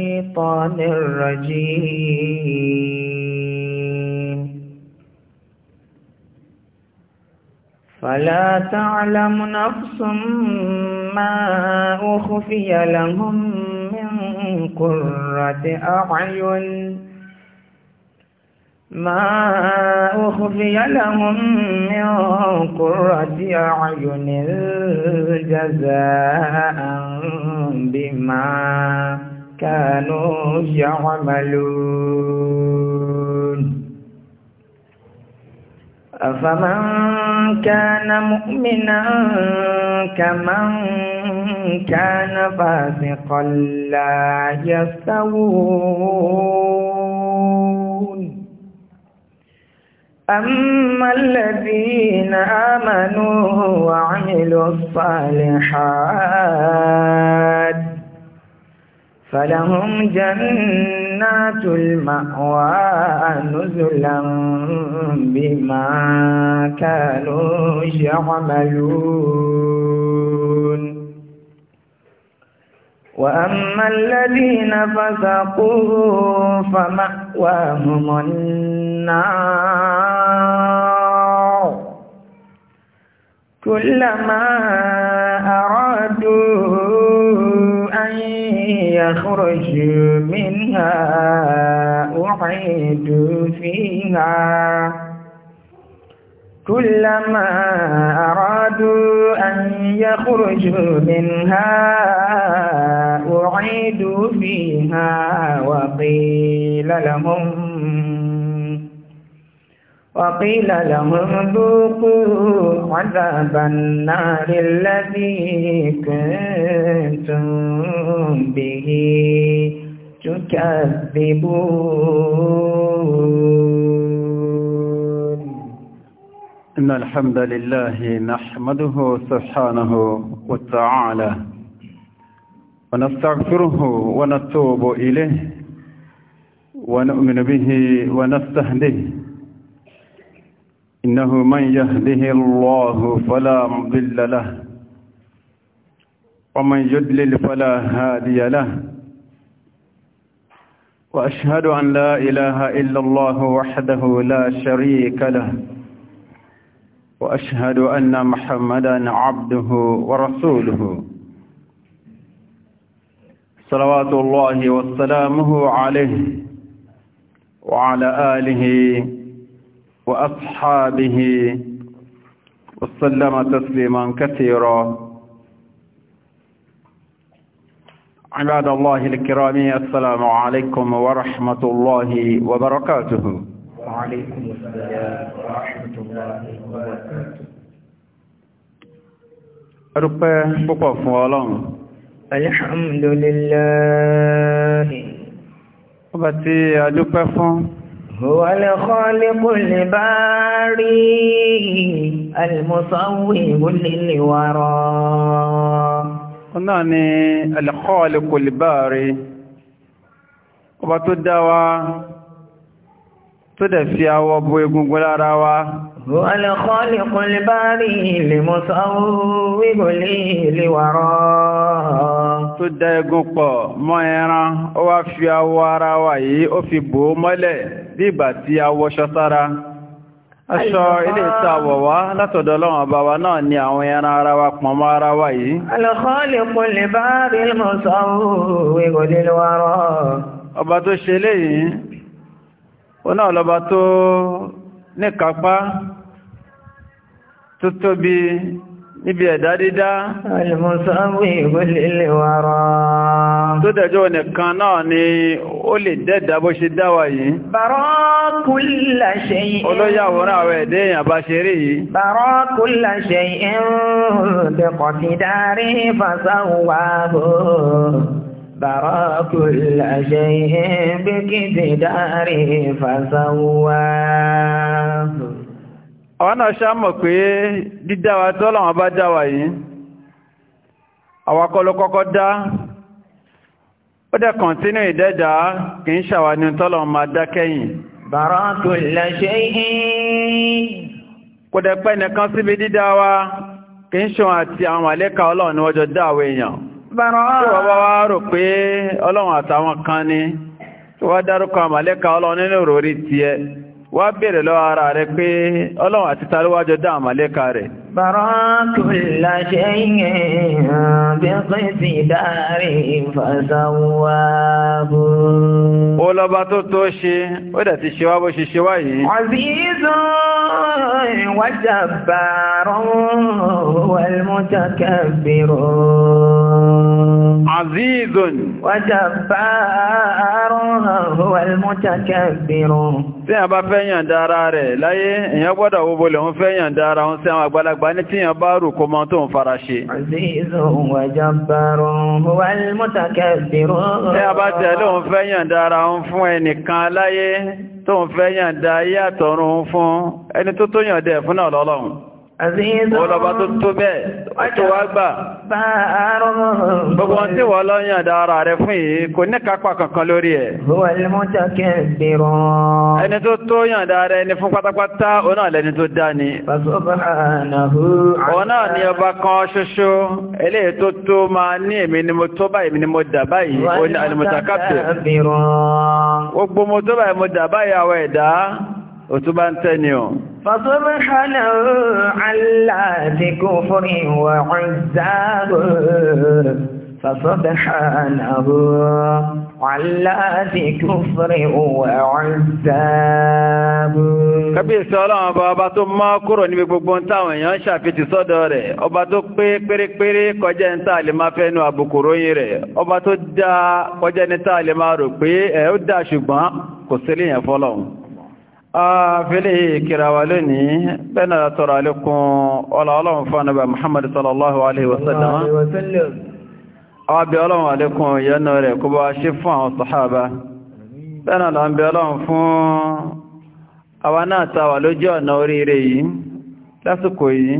الشيطان الرجيم فلا تعلم نفس ما أخفي لهم من قرة أعين ما أخفي لهم من قرة أعين جزاء بما كانوا يعملون أفمن كان مؤمنا كمن كان فاسقا لا يستوون أما الذين آمنوا وعملوا الصالحات فلهم جنات المأوى نزلا بما كانوا يعملون وأما الذين فسقوا فمأواهم النار كلما أرادوا يخرج منها أعيد فيها كلما أرادوا أن يخرجوا منها أعيدوا فيها وقيل لهم وقيل لهم ذوقوا عذاب النار الذي كنتم به تكذبون إن الحمد لله نحمده سبحانه وتعالى ونستغفره ونتوب إليه ونؤمن به ونستهديه إنه من يهده الله فلا مضل له ومن يدلل فلا هادي له وأشهد أن لا إله إلا الله وحده لا شريك له وأشهد أن محمدا عبده ورسوله صلوات الله وسلامه عليه وعلى آله وعلى آله وأصحابه وسلم تسليما كثيرا عباد الله الكرام السلام عليكم ورحمة الله وبركاته وعليكم السلام ورحمة الله وبركاته أربع بقف ولم الحمد لله وبتي أدوبة فون هو الخالق الباري المصور للورى قلنا الخالق الباري ọba tó dá wa tó dẹ̀ fi awọ bo egungun lára wa الخالق الباري المصور للورى tó dá egun pọ̀ mọ́ ẹran ó wá fi awọ ara wa yìí ó fi bò mọ́lẹ̀ sí ìgbà tí a wọṣọ sára aṣọ ilé ìtawọ̀ wá látọ̀dọ̀ ọlọ́run ọba wa náà ni àwọn ẹran ara wa pọ̀n mọ́ ara wa yìí ọba tó ṣe léyìí ó náà lọ́ba tó níkapá tó tóbi níbi ẹ̀dá dídá alìmọ̀sáwì ìwọlélẹ̀ wàrá tó dẹjọ́ nìkan náà ni ó lè dẹ́dà bó ṣe dáwà yìí bàrọ́kùlà ṣe yìí olóyàwòrán àwẹ̀ ẹ̀dẹ́ èyàn ti dárí fàṣàwàbò bàrọ́kùlà àwọn náà ṣá mọ̀ pé dídáwà tọ́lọ̀wọ̀n bá dáwà yìí àwakọlọ kọ́kọ́ dá ó dẹ̀ kọ̀ntínú ìdẹ́dà kì ń ṣàwà ní tọ́lọ̀wọ̀n máa dá kẹ́yìn bàrátù lẹ́ṣẹ́ yìí kò dẹ̀ pẹ́ nìkan síbi dídáwà kì ń ṣọ́ àti àwọn àlékà ọlọ́run ni wọ́n jọ dáwà èèyàn tí wọ́n bá wá rò wá bèèrè lọ́wọ́ ara rẹ̀ pé ọlọ́run àti tàríwájọ dá àmàlẹ́ka rẹ̀. Bàrákùnlá ṣe yẹn bí pín sí dárí fàṣàwábù. Ó lọ́ba tó tó ṣe, ó dẹ̀ ti ṣe wá bó ṣe ṣe wá yìí. Àbíyí وجبار والمتكبر عزيز وجبار والمتكبر tí a bá fẹ́ yàn dára rẹ̀ láyé èyàn gbọ́dọ̀ wo bolè ń fẹ́ yàn dára ń sí àwọn àgbàlagbà ní tí yàn bá rù kó mọ́ tó ń fara ṣe. tí a bá tẹ̀lé ń fẹ́ yàn dára ń fún ẹnìkan láyé tó ń fẹ́ yàn dá ayé àtọ̀run fún ẹni tó tó yàn dẹ̀ fún náà lọ́lọ́run Ọlọ́ba tó tó bẹ́ẹ̀, ó tó wá gbà. Gbogbo tí wọ́n lọ yàn dára rẹ̀ fún yìí kò ní kápá kankan lórí ẹ̀. Ẹni tó tó yàn dára ẹni fún pátápátá, òun náà lẹni tó dá ni. Òun náà ni ọba kan ṣoṣo, eléyìí tó tó máa ní èmi ni mo tó báyìí, ni mo dà báyìí, ó ní òtún bá ń tẹ́ ni ọ̀. Fàtọ́bẹ̀hánà aláàdíkò Kábíyèsí ọlọ́run ọba ọba tó máa kúrò níbi gbogbo ń táwọn èèyàn ṣàfitì sọ́dọ̀ rẹ̀, ọba tó pé pérépéré kọjá ń tà lè máa fẹ́nu àbùkù ròyìn rẹ̀, ọba tó dáa kọjá ní tà lè máa rò pé ẹ̀ ó dáa ṣùgbọ́n kò sílé yẹn fọ́lọ́run fẹ́lẹ̀ kìràwà lónìí bẹ́nà tọrọ alékún ọlá ọlọ́run fún ànàbà muhammadu sallallahu alaihi wasallam àwọn bí ọlọ́run alékún yẹnu rẹ̀ kó bá ṣe fún àwọn sàhábà bẹ́nà láàbí ọlọ́run fún àwọn náà tàwà lójú ọ̀nà oríire yìí lásìkò yìí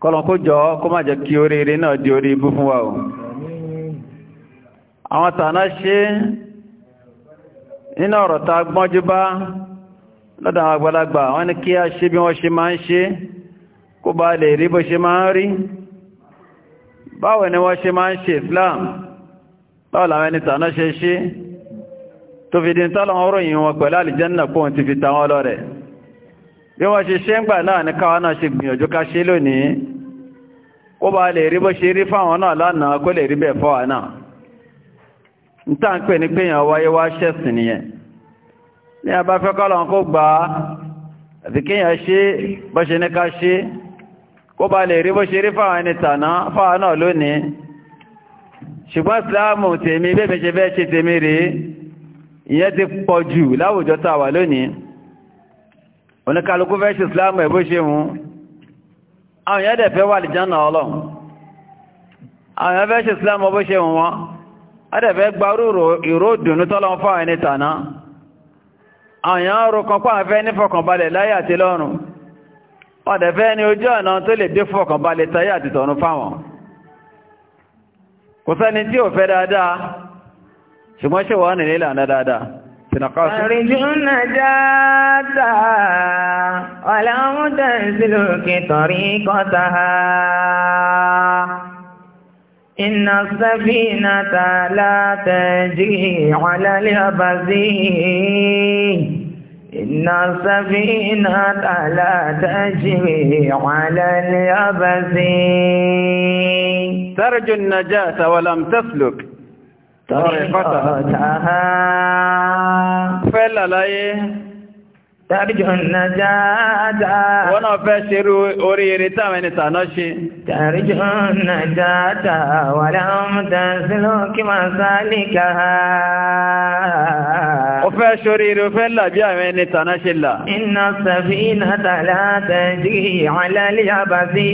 kọlọ̀n kó jọ kó má jẹ́ kí oríire náà di orí ibú fún wa o àwọn tàná ṣe nínú ọ̀rọ̀ ta gbọ́njú bá lọ́dọ̀ àwọn àgbàlagbà wọ́n ní kí a ṣe bí wọ́n ṣe máa ń ṣe kó bá lè rí bó ṣe máa ń rí báwo ni wọ́n ṣe máa ń ṣe Islam báwo làwọn ẹni tàná ṣe ṣe tó fi di ń tọ́lọ̀ ọ̀rọ̀ yìí wọn pẹ̀lú àlìjẹ́nà pọ̀ ti fi ta wọn lọ́rẹ̀ẹ́ bí wọ́n ṣe ṣe ń gbà náà ní káwa náà ṣe gbìyànjú ká ṣe lónìí kó bá lè rí bó ṣe rí fáwọn náà lánàá kó lè rí bẹ̀ fọ́wà náà ń tà ń pè ní péyàn wáyé wá ṣẹ̀sìn nìyẹn ní a bá fẹ́ kọ́lọ̀ kó gbà á àti kíyàn ṣe bó ṣe ní ká oníkàlùkù fẹ́ ṣe islam ẹ̀bó ṣe mú àwọn èèyàn dẹ̀ fẹ́ wà lè jánà ọlọ́run àwọn èèyàn fẹ́ ṣe islam ọbó ṣe mú wọn a dẹ̀ fẹ́ gba ìró dùnú tọ́lọ́run fún àwọn ẹni tàná àwọn èèyàn rò kan pàà fẹ́ ní fọkànbalẹ̀ láyé ṣùgbọ́n ṣe wọ́n nílé ìlànà dáadáa تنقاص أرجو النجاة ولا تسلك طريقتها إن السفينة لا تجري على اليبس إن السفينة لا تجري على اليبس ترجو النجاة ولم تسلك Tọ́rẹ̀ fọ́tà. Fẹ́ làláyé. Tàríjọ nàjáàdáa. Wọ́n náà fẹ́ ṣerú oríire táwọn ẹni tàná ṣe. Tàríjọ nàjáàdáa wà láwọn tàṣílò kí máa sáàlì káà. Ó fẹ́ ṣoríire, ó fẹ́ làbí àwọn ẹni tàná ṣe là. Iná sàfí nàtàlá tàjí àlálẹ́ àbàsí.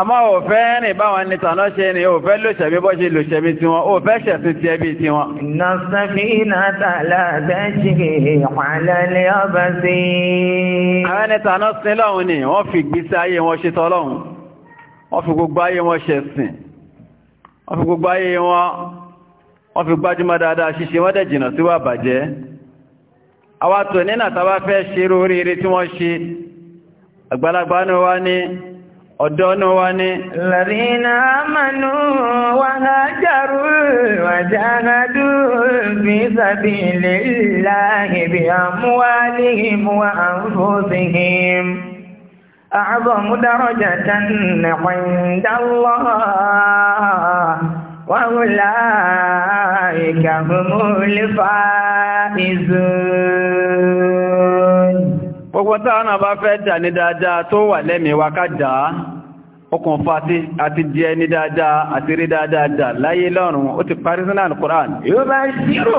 Àmọ́ ò fẹ́ rìn báwọn ẹni tàná ṣe ni, ò fẹ́ lòṣẹ̀bí bọ́ ṣe lòṣẹ̀bí tiwọn, ò fẹ́ ṣẹ̀sìn tiẹ̀ bí tiwọn. Iná sàfí nàtàlá tàjí àlálẹ́ اليبسين àwọn ẹni tàná sí lọ́hun ni wọ́n fi gbísí ayé wọn ṣe tọ́lọ́hun wọ́n fi gbogbo ayé wọn ṣe sìn wọ́n fi gbogbo ayé wọn wọ́n fi gbájúmọ́ dáadáa ṣíṣe wọ́n dẹ̀ jìnà sí wà bàjẹ́ àwàtò nínà tàbá fẹ́ ṣe rú oríire tí wọ́n ṣe àgbàlagbà ní wá ní ọ̀dọ́ náà wá ní. Lẹ̀rínà àmànú wà hájàrú wàjáhádú fi sàbí ilé láàrínbí àmúwálìhìm wà àǹfóṣìhìm. Àbọ̀mú dárọjà tánà pẹ̀ndàlọ́ wà wùlá ìkàfùmú lè gbogbo táwọn náà bá fẹ́ dà ní dáadáa tó wà lẹ́mìí wa ká dàá ọkùn fàtí àti jẹ ní dáadáa àti rí dáadáa láyé lọ́rùn ó ti parí sínú alukuran. yóò bá ṣírò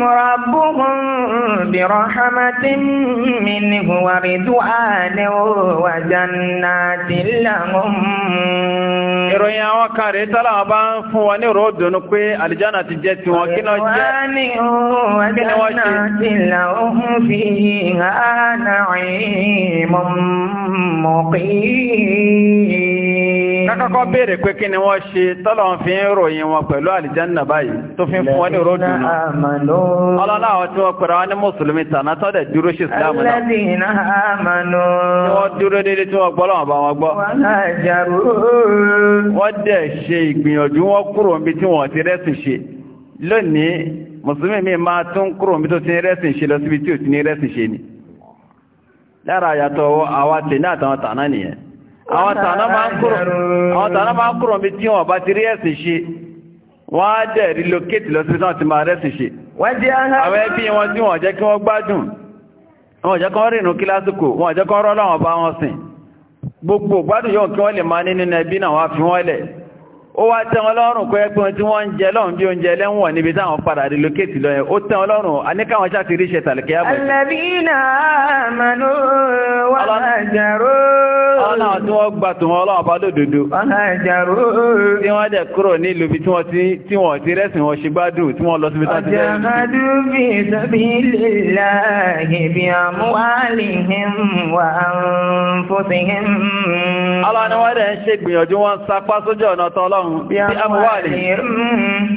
mọ́ra bóhùn bí rọ́hámátí mi ní wàrí dúhánẹ́ wà jánà tí láwọn. ìròyìn àwọn kan rèé tọ́lá wọn bá ń fún wọn ní ìró dùnú pé àlìjánà ti jẹ tiwọn kí lọ jẹ. kí ni wọ́n ṣe. tí láwọn fi hàn náà ìmọ̀ mọ̀kì kákọ́kọ́ béèrè pé kí ni wọ́n ṣe tọ́lọ̀ fi ń ròyìn wọn pẹ̀lú àlìjánà báyìí tó fi ń fún wọn ní ròdù ọlọ́lá àwọn tí wọ́n pẹ̀rọ wọn ní mùsùlùmí tàná tọ́dẹ̀ dúró sí ìsìlámù náà tí wọ́n dúró dédé tí wọ́n gbọ́lọ̀ bá wọn gbọ́ wọ́n dẹ̀ ṣe ìgbìyànjú wọn kúrò níbi tí wọ́n ti rẹ́sìn ṣe lónìí mùsùlùmí mi máa tún kúrò níbi tó ti rẹ́sìn ṣe lọ síbi àwọn tàná máa ń kúrò bí tí wọ́n bá ti rí ẹ̀sìn ṣe wọ́n á dẹ̀ relocate lọ sí tán ti máa rẹ́sìn ṣe àwọn ẹbí wọn tí wọ́n jẹ́ kí wọ́n gbádùn wọ́n jẹ́ kọ́ rìnrìn kí lásìkò wọ́n jẹ́ kọ́ rọ́lọ́wọ́n bá wọn sìn gbogbo gbádùn yóò kí wọ́n lè máa ní nínú ẹbí náà wá fi wọ́n lẹ̀ ó wá tẹ́ wọn lọ́rùn kọ́ ẹgbẹ́ tí wọ́n ń jẹ lọ́rùn bí oúnjẹ lẹ́wọ̀n níbi táwọn padà relocate lọ́yẹn ó tẹ́ wọn lọ́rùn àníkàwọn ṣáà ṣe tàlẹ̀kẹ́ àbọ̀. alẹ́bínà àmàlò wà lájàrò. ọ̀nà tí wọ́n gbà tó wọn ọlọ́wọ́ bá lódodo. lájàrò. tí wọ́n dẹ̀ kúrò ní ìlú bí tí wọ́n ti rẹ́sìn wọn ṣe gbádùn tí wọ́n lọ síbi táwọn ti wa anfusihim. ọlọ́ni bí amúwàlì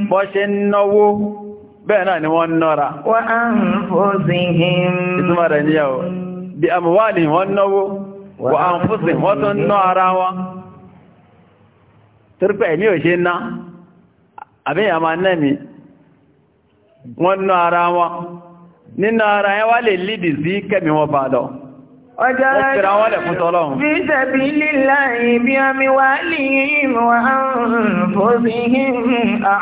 bọ́ ṣe ń náwó bẹ́ẹ̀ náà wọ́n nọ́ra ìtumọ̀ rẹ̀ wọ́n náwó wà ná ara wọn torípẹ̀ ní ò ṣe ná àbíyàn máa nẹ́mi wọ́n ná ara wọn nínú ara yẹn lè lídì sí kẹ́mi wọn bá ọjọ́ ọjọ́ fi sẹ̀bí lílá ìbí omi wà lìyìn wà fòsíhìn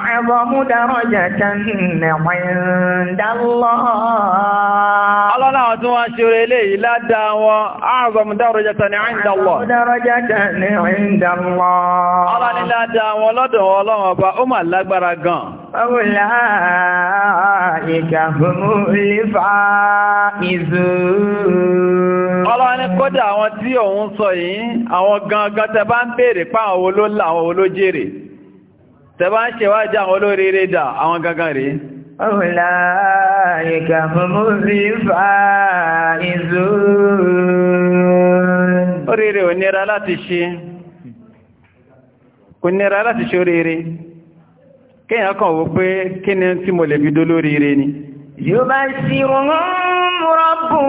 àẹ́bọ̀ mú dárọjà tánàwẹ̀ndàlọ́. Ọlọ́nà àwọn tí wọ́n ṣe rẹ̀ lè yìí ládá wọn, ààbọ̀ mú أولئك هم الفائزون Ọlọ́run ní kódà àwọn tí òun sọ yìí, àwọn gangan tẹ bá ń bèèrè pa àwọn olóòlà àwọn olójèrè. Tẹ bá ń ṣèwájá àwọn olóríire dà àwọn gangan rèé. أولئك هم الفائزون Oríire ò nira láti ṣe, kò nira láti ṣe oríire. kéèyàn kan wò pé kí ni tí mo lè fi dó lórí ire ni. yóò bá ṣírò rọ́bù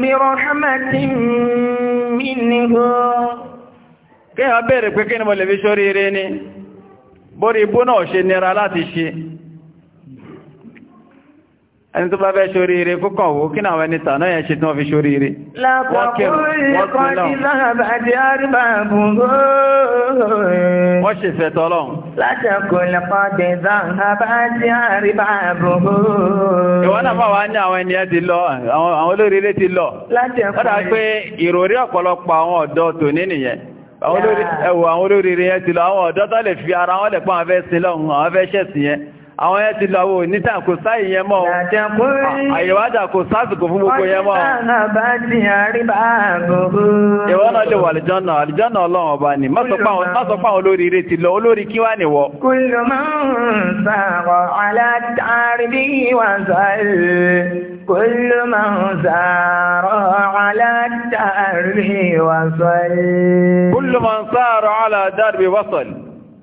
bí rọ́hámàtì mi ni hó. kéèyàn béèrè pé kí ni mo lè fi sórí ire ni bórí ibú náà ṣe nira láti ṣe. ẹni tó bá bẹ́ ṣoríire kókàn wó kí náà ẹni tànà yẹn ṣe tí wọ́n fi ṣoríire wọ́n ṣe fẹ̀tọ́ lọ́n ìwọ́n náà máa wá ní àwọn ènìyàn ti lọ àwọn olóríire ti lọ wọ́n pé ìròrí ọ̀pọ̀lọpọ̀ àwọn ọ̀dọ́ tò ní nìyẹn ẹwọ àwọn olóríire yẹn ti lọ àwọn ọ̀dọ́ tó lè fi ara wọn lè pọ́n àwọn fẹ́ sí lọ́hùn àwọn fẹ́ ṣẹ̀sìn yẹn àwọn ẹ ti lọ wo níta kò sáyì yẹn mọ́ àyèwádà kò sásìkò fún gbogbo yẹn mọ́ ìwọ náà lè wà àlìjọ́nà àlìjọ́nà ọlọ́run ọba ni má àwọn olórí ire ti lọ olórí kí wá nìwọ. kúlù ń sàrọ̀ alátàríbí wà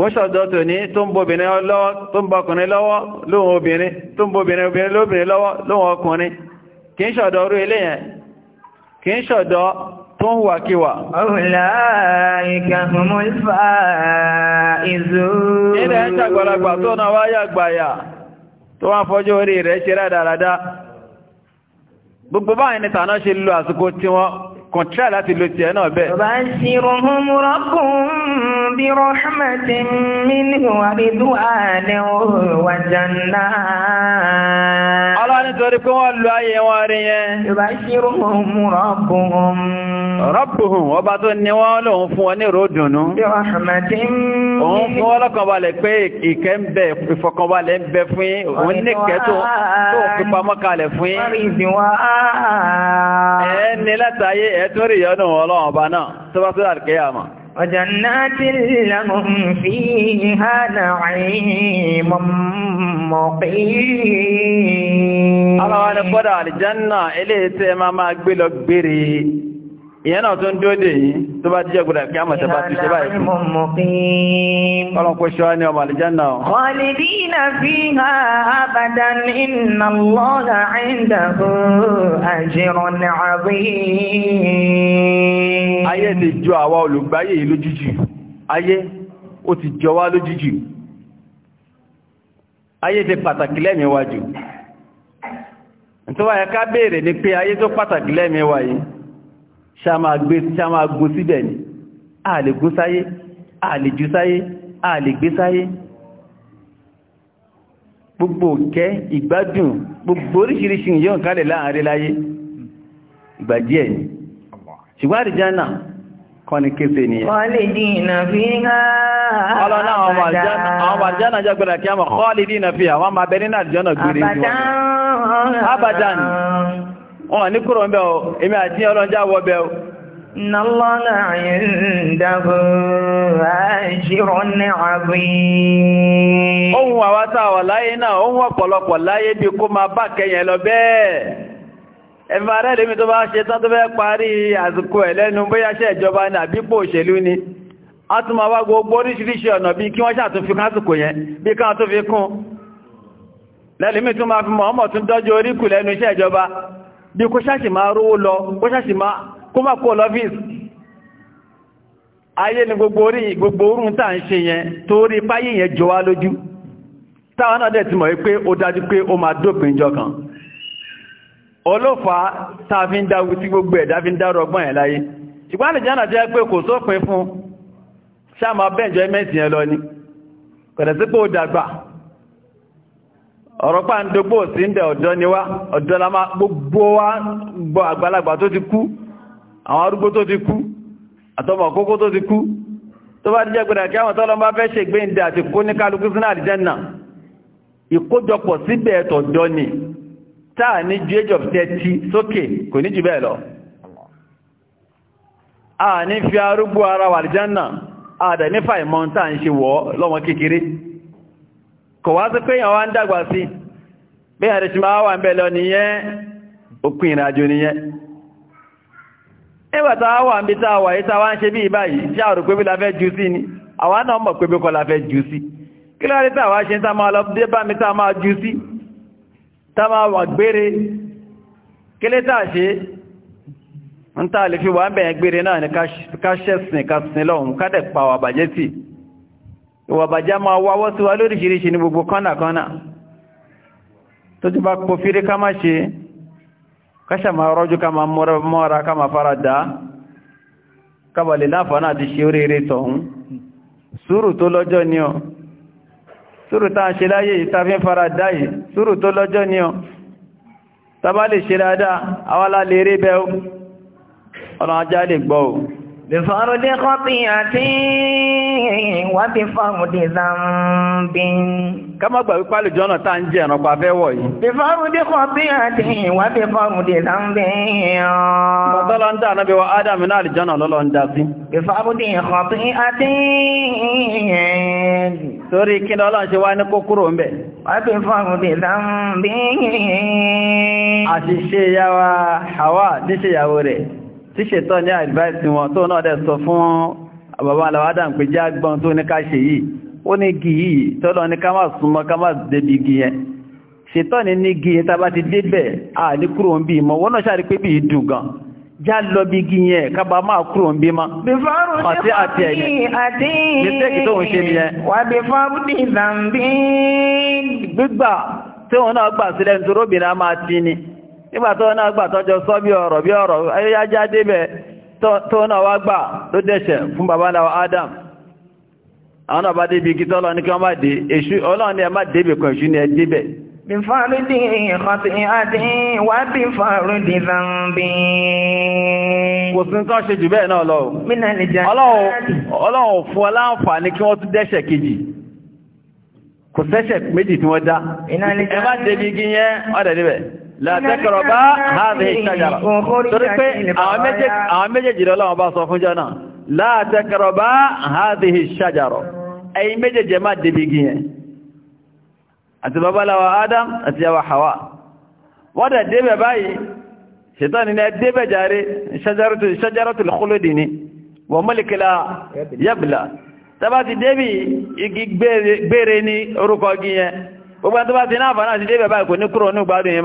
kò ṣọ̀dọ̀ tó ní tó ń bóbìnrin lọ́wọ́ tó ń bọkùnrin lọ́wọ́ lóhun obìnrin tó ń bóbìnrin obìnrin lóbìnrin lọ́wọ́ lóhun ọkùnrin kì í ṣọ̀dọ̀ orú ilé yẹn kì í ṣọ̀dọ̀ tó ń wà kíwà. Ọ̀láìkà mú ìfà kàn tíra láti lo tiẹ̀ náà bẹ́ẹ̀. bàbá ṣírò hún rọ́kùn bí rọ́ṣmẹ̀tì mínú àbídú àlẹ́ wà jàǹdà. ọlọ́ni torí pé wọ́n lo ayé wọn rí yẹn. bàbá ṣírò hún rọ́kùn. rọ́bùhùn ọba tó ní wọ́n lòun fún wọn ní ẹ̀tún rí yọ́nù ọlọ́run ọba náà tó bá tó dàrkẹ́ àmà وجنات لهم فيها نعيم مقيم. Àwọn ọ̀nà gbọ́dọ̀ àlìjánà ilé tí ẹ máa máa gbé lọ gbére ìyẹn náà tó ń dóde yìí tó bá jíjẹ́ gbọ́dọ̀ kí a mọ̀ tẹ́bá tó ṣe báyìí ọlọ́pọ̀ ní ọmọ àlìjánà inna Allaha indahu ajrun azim ayé ti jọ àwa olùgbáyé lójújù ayé ó ti jọ wá lójújù ayé ti pàtàkì lẹ́mìíwájú tó wáyé ká béèrè ní pé ayé tó pàtàkì lẹ́mìíwá ṣá máa gbé ṣá máa gbó síbẹ̀ ni a lè gbó sáyé a lè jù sáyé a lè gbé sáyé gbogbo òkẹ́ ìgbádùn gbogbo oríṣiríṣi yóò kálẹ̀ láàrin láyé ìgbà ni ṣùgbọ́n àdìjánà kọ́ ni kéfè ni ọlọ́nà àwọn fi àwọn abẹ́rin àdìjánà wọn ní kúrò ń bẹ́ o èmi àti ọlọ́njá wọ bẹ́ o Nàlọ́lá àyíndàbò àṣírò ní àbí. Ohun àwátá wà láyé náà, ohun ọ̀pọ̀lọpọ̀ láyé bí kó máa bá lọ bẹ́ẹ̀. lèmi tó bá ṣe tán tó fẹ́ parí àsìkò ẹ̀ lẹ́nu bóyá ìjọba ní àbípò òṣèlú ni. A tún máa wá gbogbo oríṣiríṣi ọ̀nà bí kí wọ́n ṣàtúnfi kásìkò yẹn, bí káwọn tó fi kún. tún máa fi mọ̀ ọmọ bí kó ṣáṣì máa rówó lọ kó ṣáṣì máa kó máa kó lọ́fíìs ayé ni gbogbo orí gbogbo orún tàà ń ṣe yẹn torí páyé yẹn jọ wá lójú táwọn náà dẹ̀ ti mọ̀ pé ó dájú pé ó máa dópin jọ kan ọlọ́fàá táa fi ń dáwú tí gbogbo ẹ̀dá fi ń dárọ ọgbọ́n ẹ̀ láyé ṣùgbọ́n lè jẹ́nà ọ̀rọ̀ pà ń dogbó sí ń bẹ̀ ọ̀dọ́ ni wá ọ̀dọ́ la máa gbogbo wá gbọ́ àgbàlagbà tó ti kú àwọn arúgbó tó ti kú àtọmọ kókó tó ti kú tó bá díjẹ́ gbẹ̀rẹ̀ kí àwọn tọ́lọ́mọ fẹ́ ṣe gbé ń dẹ àti kó ní kálukú sínú àlìjẹ́nà ìkójọpọ̀ síbẹ̀ tọ̀dọ́ ni táà ní ju age of thirty sókè kò ní jù bẹ́ẹ̀ lọ a ní fi arúgbó ara wà àlìjẹ́nà a dẹ̀ nífà ìmọ̀ táà ń ṣe wọ́ lọ́mọ kékeré kò wá sí pé èèyàn wá ń dàgbà sí bí ẹ̀rẹ̀ ṣe máa wà ń bẹ̀ lọ nìyẹn òpin ìrìnàjò nìyẹn nígbàtà wà ń bí tá wà yí tá wá ń ṣe bí ìbáyìí ṣe àrò pé la fẹ́ jù ni àwa náà mọ̀ pé bí la fẹ́ jù sí kí ló rí tàwa ṣe tá máa lọ dé bá mi tá máa jù sí tá máa wà gbére ni ká ṣẹ̀sìn ká sin lọ́hùn ìwàbàjá máa wáwọ́ sí wa lóríṣiríṣi ní gbogbo kọ́nàkọ́nà tó ti bá kò fírí ká máa ṣe káṣà máa rọ́jú ká máa mọ́ra ká máa fara dá kábàlẹ̀ láfàánà àti ṣe oríire tọ̀hún sùúrù tó lọ́jọ́ ni ọ sùúrù tá ń ṣe láyé ìtafín fara dá yìí sùúrù tó lọ́jọ́ ni ọ tàbá lè ṣe dáadáa awálá lè rí bẹ́ ọ̀nà ajá lè gbọ́ ò lè fọ́rọ̀ dé kọ́pì àti wà bí fárúdì zambi. gbà wípé náà tá ń fẹ́ wọ̀ yìí. bí kọ́ bí wa ádámù náà àlùjọ náà lọ́lọ́ ń sí. bí kọ́ bí àti. kí ni ọlọ́run ṣe wá ní kókóró ń bẹ̀. wà zambi. àṣìṣe wa Hawa ìyàwó rẹ̀ tíṣe tọ́ ní wọn tó náà sọ fún bàbá aláwádà ń pè já gbọ́n tó ní ká ṣe yìí ó ní igi yìí tọ́lọ ní ká má súnmọ́ ká má débi igi yẹn ṣètọ́ ní ní igi yẹn tàbá ti débẹ̀ à ní kúrò ń bí mọ́ wọ́n náà ṣàrí pé bí dùn gan já lọ bí igi yẹn kábà máa kúrò ń bí mọ́ àti àti ẹ̀yìn mistake tó ń ṣe nìyẹn. wà á bí fárúdì zambi. gbígbà tí òun náà gbà sílẹ̀ nítorí obìnrin á máa ti ni nígbà tó náà gbà tọ́jọ sọ bí ọ̀rọ̀ bí ọ̀rọ̀ ayé tó náà wá gbà ló dẹ̀ṣẹ̀ fún bàbá náà Adam àwọn náà débi igi tọ́lọ ní kí wọ́n bá dé èṣù ọlọ́run ni ẹ má débè kan èṣù ni ẹ débẹ̀ zambi. Kò sí nǹkan ṣe jù bẹ́ẹ̀ náà lọ. Mínà lè jẹ́ ọlọ́run fún aláǹfààní kí wọ́n tún dẹ́ṣẹ̀ sẹ́ṣẹ̀ méjì tí wọ́n dá. Ẹ má débi igi yẹn, ọ̀dẹ̀ níbẹ̀ látẹ́kọ̀rọ̀ bá hàbí ìṣàjára torí pé àwọn méjèèjì lọ́wọ́ bá sọ fún jọ́nà látẹ́kọ̀rọ̀ bá hàbí ìṣàjára ẹ̀yin méjèèjì má débi gíyẹn àti babaláwa Adam àti yawa Hawa wọ́n dẹ̀ débẹ̀ báyìí ṣetán ni débẹ̀ jàre ṣajaratul khuludi ni wọ́n mọ́lìkìlá yabla tàbá ti débi igi gbére ní orúkọ gíyẹn gbogbo náà fà náà ti débẹ̀ báyìí kò ní kúrò ní gbádùn yìí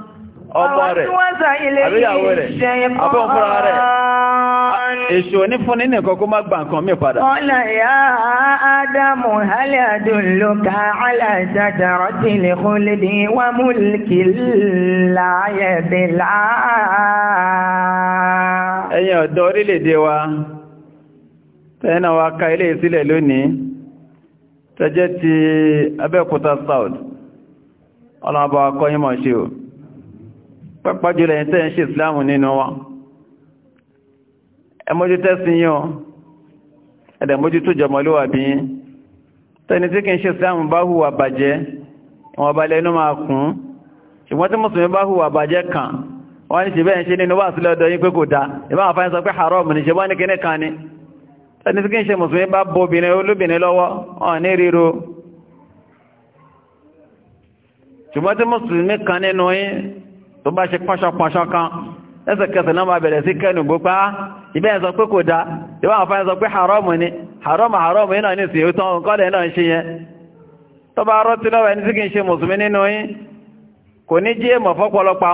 ọmọ rẹ̀ àbíyàwó rẹ̀ àbẹ́ òfúra rẹ̀ èṣù ní fún ní nìkan kó má gbà nǹkan mí padà. ọ̀nà ìyá ádámù hálẹ̀ àdúlùkà aláìsàdàrọ̀ tí lè kó lè ní wà mú kí láyẹ̀ bí láà. ẹ̀yin ọ̀dọ́ orílẹ̀-èdè wa tẹ́yìn náà wá ka ilé ìsílẹ̀ lónìí tẹ́jẹ́ ti Abẹ́òkúta South ọlọ́mọba akọ́yìnmọ̀ ṣe o pápájúlẹ̀ yìí tẹ́ ń ṣe ìsìláàmù nínú wa ẹmójú tẹ́sí yíò ẹ̀dẹ̀mójú tó jọmọlúwà bí yín tẹni tí kí ń ṣe ìsìláàmù bá hùwà bàjẹ́ ìwọ̀n balẹ̀ inú máa kún ṣùgbọ́n tí mùsùlùmí bá hùwà bàjẹ́ kan wọ́n ní ṣe bẹ́ẹ̀ ṣe nínú wà sílẹ̀ yín pé kò dá ni tẹni tí kí ń ṣe mùsùlùmí bá bo obìnrin olóbìnrin lọ́wọ́ ọ̀ ní ríro ṣùgbọ́n tí mùsùlùmí kan nínú yín tó bá ṣe pọ́ṣọpọ́ṣọ kan ẹsẹ̀kẹsẹ̀ náà máa bẹ̀rẹ̀ sí kẹnu gbogbo ibẹ́ ah, ẹ̀sọ pé kò dá ìwọ́n àwọn afẹ́ ẹ̀sọ pé haramu ni haramu haramu iná ní ìsìn ìtọ́ nǹkọ́lẹ̀ náà ń ṣe yẹn tó bá rọ́ tí lọ́wọ́ ẹni tí kìí ṣe mùsùlùmí nínú yín kò ní jí èmọ̀ fọ́pọ̀lọpọ̀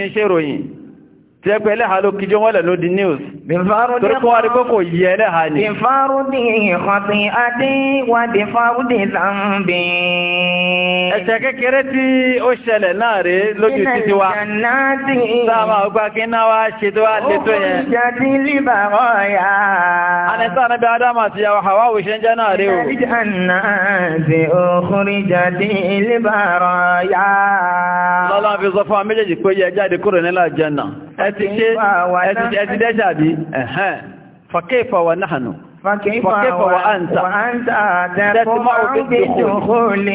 àwọn tí ẹ pẹ́ ẹlẹ́ha ló kíjọ wọ́lẹ̀ ló di news torí kọ́ wá rí pé kò yí ẹlẹ́ha ni ẹ̀ṣẹ̀ kékeré tí ó ṣẹlẹ̀ náà rèé lójú títí wa sáàmà ọgbà kí náà wá ṣe tó wá létò yẹn. ó jà sí líbàrọ̀ yá. anẹ́sà níbi Ádámù àti ìyàwó Háwà òṣè ń jẹ́ náà rèé o. ìjà náà ti òkúri jà sí líbàrọ̀ yá. lọ́lá fi sọ fún wa méjèèjì pé yẹ jáde kúrò nílà Jánnà ẹ ti dẹ́ṣà bí fàkẹ́ ìfọwọ́ náà nù. فكيف وأنت وأنت تسمع بالدخول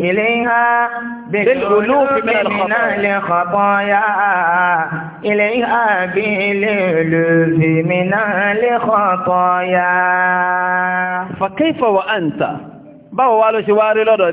إليها بالقلوب من الخطايا إليها بالألوف من الخطايا فكيف وأنت báwo wá ló ṣe wá rí lọ́dọ̀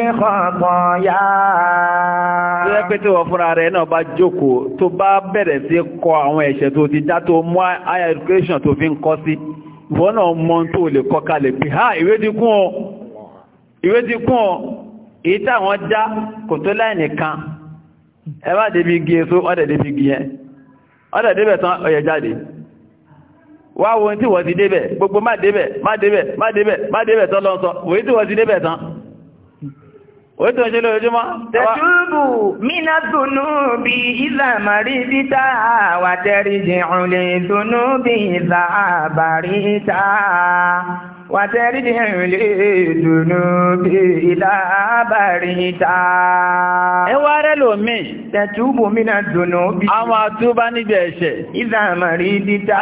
bí kọ̀ọ̀kọ̀ọ̀yá. Tó yẹ pé tí wọ́n fúnra rẹ̀ náà bá jókòó tó bá bẹ̀rẹ̀ sí kọ àwọn ẹ̀ṣẹ̀ tó ti dá tó mú higher education tó fi ń kọ́ sí. Ìwọ́n náà mọ tó lè kọ́ kalẹ̀ pé ha ìwé ti kún ọ. Ìwé ti kún ọ. Èyí táwọn já kò tó láì nìkan. Ẹ bá débi igi èso ọ̀dẹ̀ débi igi yẹn. Ọ̀dẹ̀ débẹ̀ tán ọ̀yẹ̀ jáde. Wá wo tí wọ́n ti débẹ̀ gbogbo má débẹ̀ má débẹ̀ má débẹ̀ má débẹ̀ tán lọ́sọ. Wòye tí wọ́n ti débẹ̀ tán. Oítò ṣe lójúmọ́. Tẹ̀túbù mínà dùnú bí ìzà màrí títà wà tẹ́rí jẹun lè dùnú bí ìzà àbàrí tà wà tẹ́rí jẹun lè dùnú bí ìzà àbàrí tà. Ẹ wá rẹ̀ lómi. Tẹ̀túbù mínà dùnú bí. Àwọn àtúbá níbi ẹ̀ṣẹ̀. Ìzà màrí títà.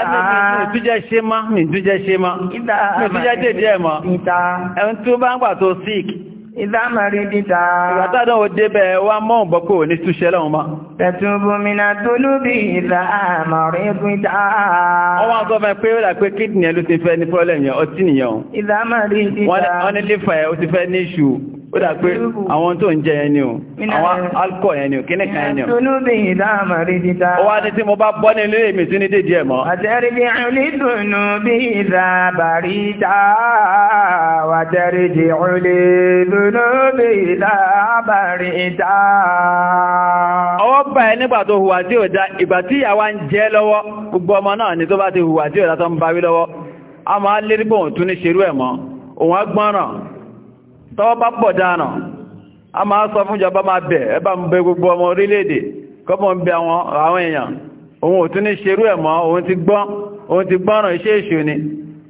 Mi tújẹ́ ṣe mọ́, mi ṣe mọ́. Ìzà màrí títà ìdámarí dídá. Ìgbàtádọ̀ ò débẹ̀ wá mọ́ ọ̀bọ̀ pé ò ní túnṣẹ́ lọ́wọ́n má. Tẹ̀tùbù mìnà tó lóbi ìdámarí dídá. Wọ́n wá gọ́fẹ́ pé ó rà pé kídìnì ẹ̀ ló ti fẹ́ ní pọ́lẹ̀ yẹn, ọtí nìyẹn. Ìdámarí dídá. Wọ́n ní lífà ẹ̀ ó ti fẹ́ ní ìṣù ó dà pé àwọn tó ń jẹ ẹni o àwọn alkọ ẹni o kíní kan ẹni o ó wá ní tí mo bá bọ́ ní ilé mi ní dédé ẹ̀mọ́ ọwọ́ bá ẹ nígbà tó hùwà tí ò dá ìgbà tí ìyàwó ń jẹ lọ́wọ́ gbogbo ọmọ náà ni tó bá ti hùwà tí ò dá tó ń bawí lọ́wọ́ tọ́wọ́ bá pọ̀ dáná a máa sọ fún ìjọba máa bẹ̀ ẹbá ń bẹ gbogbo ọmọ orílẹ̀-èdè kọ́mọ̀ ń bẹ àwọn èèyàn òun ò tún ní ṣerú òun ti esu ni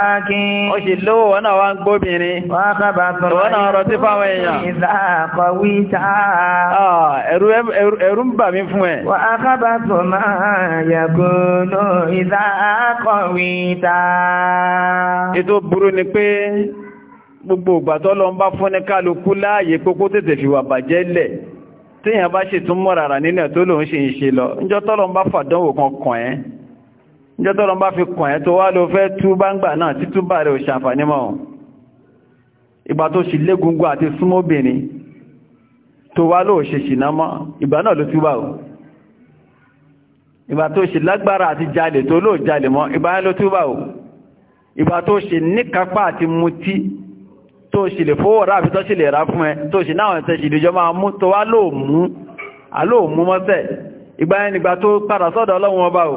masakin. ó sì lówó wọn náà wá ń gbóbìnrin. wọ́n á kábà tọrọ ìwọ́n náà rọtí fáwọn èèyàn. ìlà àkọ̀wé ta. ẹ̀rù ń bà mí fún ẹ. wọ́n á kábà tó máa yàgòlò ìlà àkọ̀wé ta. ètò burú ni pé gbogbo ìgbà tó lọ ń bá fún ní kálukú láàyè kókó tètè fìwà bàjẹ́ lẹ̀ téèyàn bá ṣètúmọ̀ nínú ẹ̀ tó lòun ṣe ń ṣe lọ ńjọ́ tọ́lọ́ ń bá fàdánwò kan kàn ẹ́ níjọ́ tọ́lọ bá fi kàn ẹ́ tó wá ló fẹ́ túbá ń gbà náà títúbà rẹ̀ ò ṣàǹfàní mọ́ ìgbà tó ṣì légungun àti súnmọ́bìnrin tó wá ló ṣe ṣìná mọ́ ìgbà náà ló túbà ò ìgbà tó ṣì lágbára àti jalè tó ló jalè mọ́ ìgbà náà ló túbà ò ìgbà tó ṣì níkápá àti mutí tó ṣì lè fówó rà àbí tó ṣì lè rà fún ẹ tó ṣì náà ẹ̀sẹ̀ ṣìdíjọ́ máa mú tó wá lóò mú alóòmú mọ́sẹ̀ ìgbà ẹnìgbà tó padà sọ́dọ̀ ọlọ́run ọba ò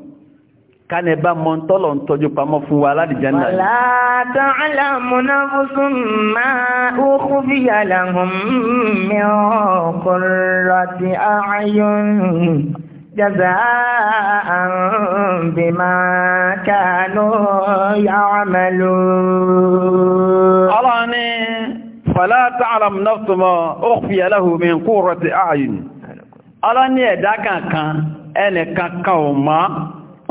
kánẹ bá mọ tọ́lọ̀ ń tọ́jú pamọ́ fún wa aládìjánà. wàlá tààlà múná fúsùn máa ó kú fi yàlà hùn mí ọkùnrin ti ààyùn jaza bí máa kánú yàmàlú. ọlọ́run ní wàlá tààlà múná fúsùn máa ó fi yàlà hùn mí ọkùnrin ti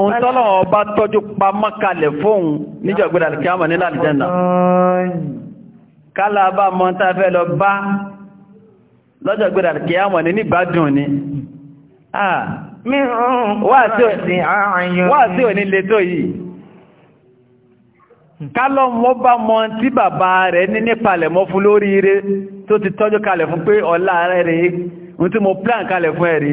òun tọ́lọ̀ ọba tọ́jú pa mọ́kalẹ̀ fóun níjọ̀gbẹ́dà kí a mọ̀ nílà àdìjẹ́nà kálà bá mọ́ tá fẹ́ lọ bá lọ́jọ̀gbẹ́dà kí a mọ̀ ní nígbàdùn ni wà sí òní lè tó yìí kálọ̀ mọ́ bá mọ́ tí bàbá rẹ̀ ní nípalẹ̀ mọ́ fún lóríire tó ti tọ́jú kalẹ̀ fún pé ọ̀la rẹ̀ rí plan kalẹ̀ fún ẹ̀rí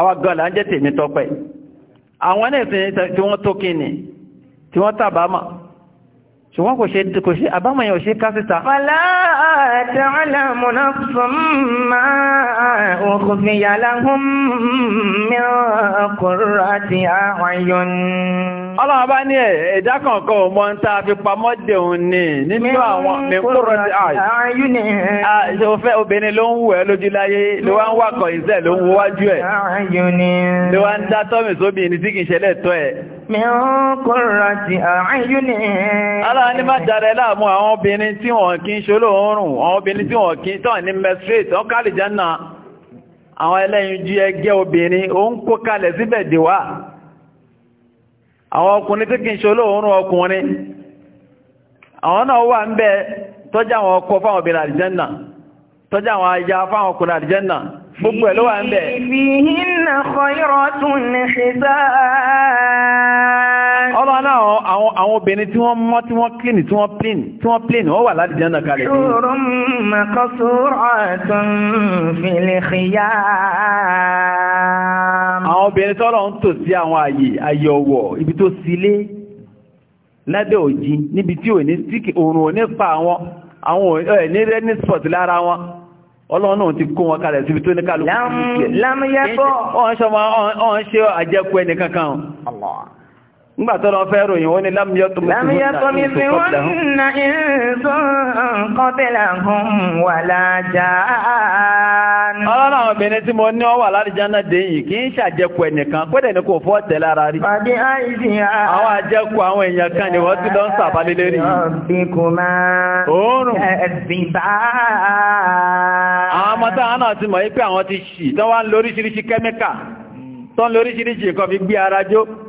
àwọn gan là ń jẹ́ tèmi tọ́pẹ́ àwọn náà tí wọ́n tó kí ni tí wọ́n tàbámọ̀ ṣùgbọ́n kò ṣe kò ṣe àbámọ̀ yẹn ò fàlá ta'lamu nafsun ma ukhfiya lahum min qurrati a'yun. ọlọ́run bá ní ẹ̀dá kankan ò mọ ń tá a fi pamọ́ dẹ̀hùn ni nínú àwọn min qurrati a'yun. ṣòfẹ́ obìnrin ló ń wù ẹ́ lójú ní tí kì min qurrati a'yunin. ara ní má dára ẹ láàmú àwọn obìnrin tí wọ́n kì í ṣolóòórùn àwọn obìnrin tí wọ́n kì í tàn ní menstruate wọ́n kálì jẹ́nà àwọn ẹlẹ́yin jí ẹgẹ́ obìnrin o ń kó kalẹ̀ síbẹ̀ dìwà àwọn ọkùnrin tí kì í ṣolóòórùn ọkùnrin àwọn náà wà ń bẹ tọ́jà àwọn ọkọ fáwọn obìnrin àlìjẹ́nà tọ́jà àwọn aya fáwọn ọkùnrin àlìjẹ́nà gbogbo ẹ̀ ló wà ń bẹ̀. Fihinna khayratun hisan. ọlọ́run náà àwọn àwọn obìnrin tí wọ́n mọ́ tí wọ́n clean tí wọ́n plain tí wọ́n plain wọ́n wà láti jẹ́ nàkàlẹ̀. Hurun maqsuratun fil khiyam. àwọn obìnrin tọ́lọ̀ ń tò sí àwọn àyè àyè ọ̀wọ̀ ibi tó sílé lábẹ́ òjì níbi tí òní síkì òrùn òní pa àwọn àwọn ẹ̀ ní rẹ́ní spọ̀t lára wọn ọlọ́run náà ti kó wọn kalẹ̀ síbi tó ní kálukú. lámúyẹ́kọ́. wọ́n ń ṣe àjẹkù ngbàtọ́rọ fẹ́ ròyìn wọ́n ni lámíyàtọ̀ mìírànlẹ̀ ọlọ́rọ̀ àwọn obìnrin tí mo ní ọwà lárìjánà dèyìn kì í ṣàjẹkù ẹnìkan pẹ́dẹ̀ ní kò fọ́ tẹ̀ lára rí àwọn àjẹkù àwọn èèyàn kan ni wọ́n ti lọ ń sàbálélé ti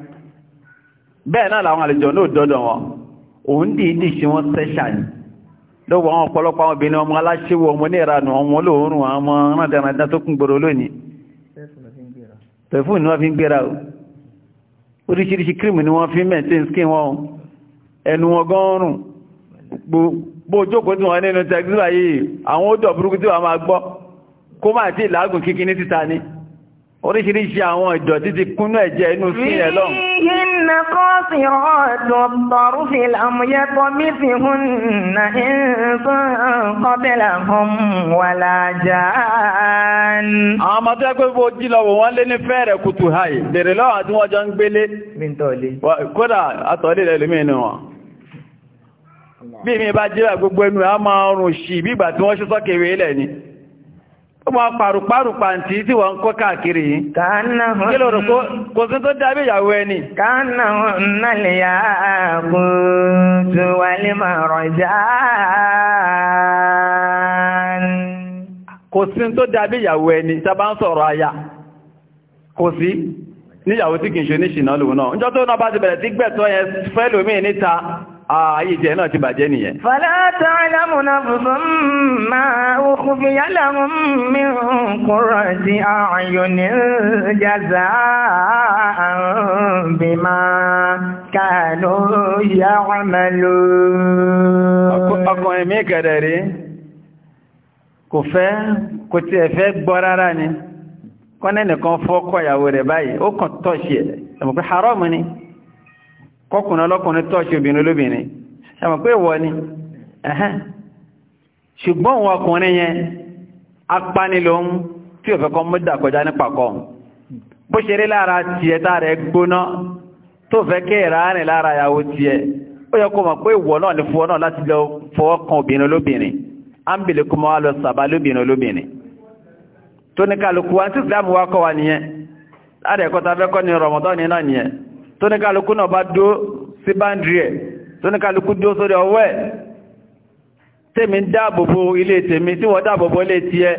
bẹ́ẹ̀ náà làwọn àlejò náà dọ́dọ̀ wọn òun dìídì sí wọn sẹ́ṣà ní lọ́wọ́ àwọn ọ̀pọ̀lọpọ̀ àwọn obìnrin ọmọ aláṣẹ́wọ̀ ọmọ ní ìranù ọmọ olóòórùn àwọn ránadẹ̀randá tó kún gbòrò lónìí pẹ̀fún ni wọ́n fi ń gbéra oríṣiríṣi kírìmù ni wọ́n fi mẹ́tín skin wọn ẹnu ọgọ́rùn gbogbo ojókòó tí wọ́n nínú tẹ́gbíwá yìí àwọn ó dọ̀ burúkú tí wọ́n máa gbọ́ kó máa tí ìlàágùn kíkí ní títa ni. Bo, oríṣiríṣi àwọn ìdọ̀tí ti kúnnú ẹ̀jẹ̀ inú sí ẹ̀ lọ́n. ìhìnà kan sí ọ̀dọ̀ tọ̀rù fi làmúyẹ́tọ̀ tó yẹ pé bó wọ́n lé ní fẹ́ẹ̀rẹ̀ kùtù háì bèrè lọ́wọ́ àti wọ́n jọ ń gbélé. kódà àtọ̀lé rẹ̀ lómi inú wọn. bí mi bá jẹ́ gbogbo ẹnu àmọ́ ọrùn sí bí ìgbà tí wọ́n ṣe sọ́kèwé lẹ̀ ni. ọmọ pàrùpàrù pàǹtí tí wọ́n ń kọ́ káàkiri yìí rò kò sí tó dábí ìyàwó ẹni kánà yà kùtù wà kò sí tó dábí ìyàwó ẹni ń sọ̀rọ̀ aya kò sí níyàwó tí kìí ṣe lòun náà Ah, ayé jẹ náà ti bàjẹ́ nìyẹn. fala ta'lamu nafsun ma ukhfiya lahum min qurrati a'yunin jaza'an bima kanu ya'malun. ọkùnrin mi kẹ̀rẹ̀ rí kò fẹ́ kò tiẹ̀ fẹ́ gbọ́ rárá ni kọ́nẹ́ nìkan ìyàwó rẹ̀ báyìí ó kàn tọ́ṣì ẹ̀ ẹ̀mọ̀ pé haram ni kọkùnrin ọlọ́kùnrin tọ́ọ̀ṣì obìnrin olóbìnrin ṣàmọ̀ pé ìwọ ni ṣùgbọ́n òun ọkùnrin yẹn apanilóhun tí ò fẹ́ kọ́ mú dàkọjá nípa kọ́ bó ṣe rí lára tiẹ̀ tá rẹ̀ gbóná tó fẹ́ kí ìrà rìn lára ìyàwó tiẹ̀ ó yẹ kó mọ̀ pé ìwọ náà ní fọwọ́ náà láti lọ fọwọ́ kan obìnrin olóbìnrin á ń bèlè kó máa lọ sàbá lóbìnrin olóbìnrin tó wa ní sí ìsìlámù wa wa nìyẹn láti ẹ̀kọ́ fẹ́ kọ́ ni rọ̀mọ́dọ́ ni náà nìyẹn tó ní kálukú náà bá dó sí báńdì ẹ̀ tó ní kálukú dó sórí ọwọ́ ẹ̀ tèmi dáàbòbò ilé tèmi tí wọ́n dáàbòbò ilé ti ẹ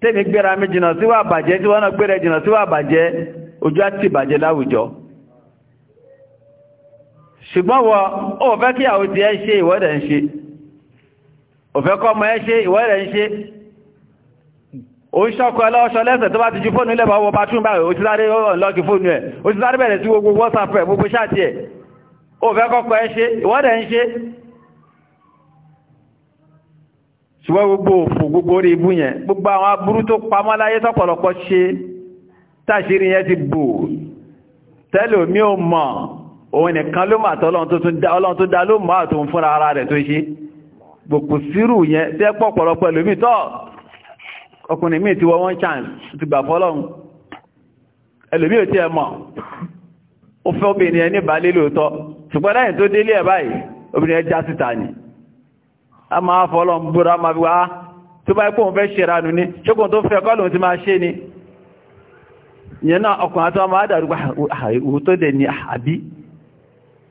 tèmi gbéra mi jìnà síwà bàjẹ́ tí wọ́n náà gbéra jìnà síwà bàjẹ́ ojú àti bàjẹ́ láwùjọ ṣùgbọ́n wọ ó kí àwọn ṣe ìwọ́dẹ̀ ń ṣe ó kọ́ ọmọ ẹ ṣe ìwọ́dẹ̀ ń ṣe ó ń ṣọ́kọ́ ẹlọ́ṣọ́ lẹ́sẹ̀ tó bá ti ju fóònù ilẹ̀ bàwọ̀ bá tún báyìí ó ti sáré ọ̀lọ́kì fóònù ẹ̀ ó ti sáré bẹ̀rẹ̀ sí gbogbo whatsapp ẹ̀ gbogbo ṣáàtì ẹ̀ ó fẹ́ kọ́kọ́ ẹ ṣe ìwọ́dẹ̀ ń ṣe ṣùgbọ́n gbogbo òfò gbogbo orí ibú yẹn gbogbo àwọn aburú tó ọkùnrin míì ti wọ one chance ti gbà fọ́lọ́run ẹlòmí ò tí ẹ mọ̀ ó fẹ́ obìnrin ẹni bá lé lóòótọ́ ṣùgbọ́n lẹ́yìn tó délé ẹ̀ báyìí obìnrin ẹ já síta ni a máa fọ́lọ́run búra máa fi wá ah, tó bá ipò òun fẹ́ ṣe ranù ni ṣókùn tó fẹ́ kọ́ lòun ti máa ṣe ni ìyẹn náà ọkùnrin àti ọmọ adàrúgbà ah, òótọ́ dẹ̀ ni ah, àbí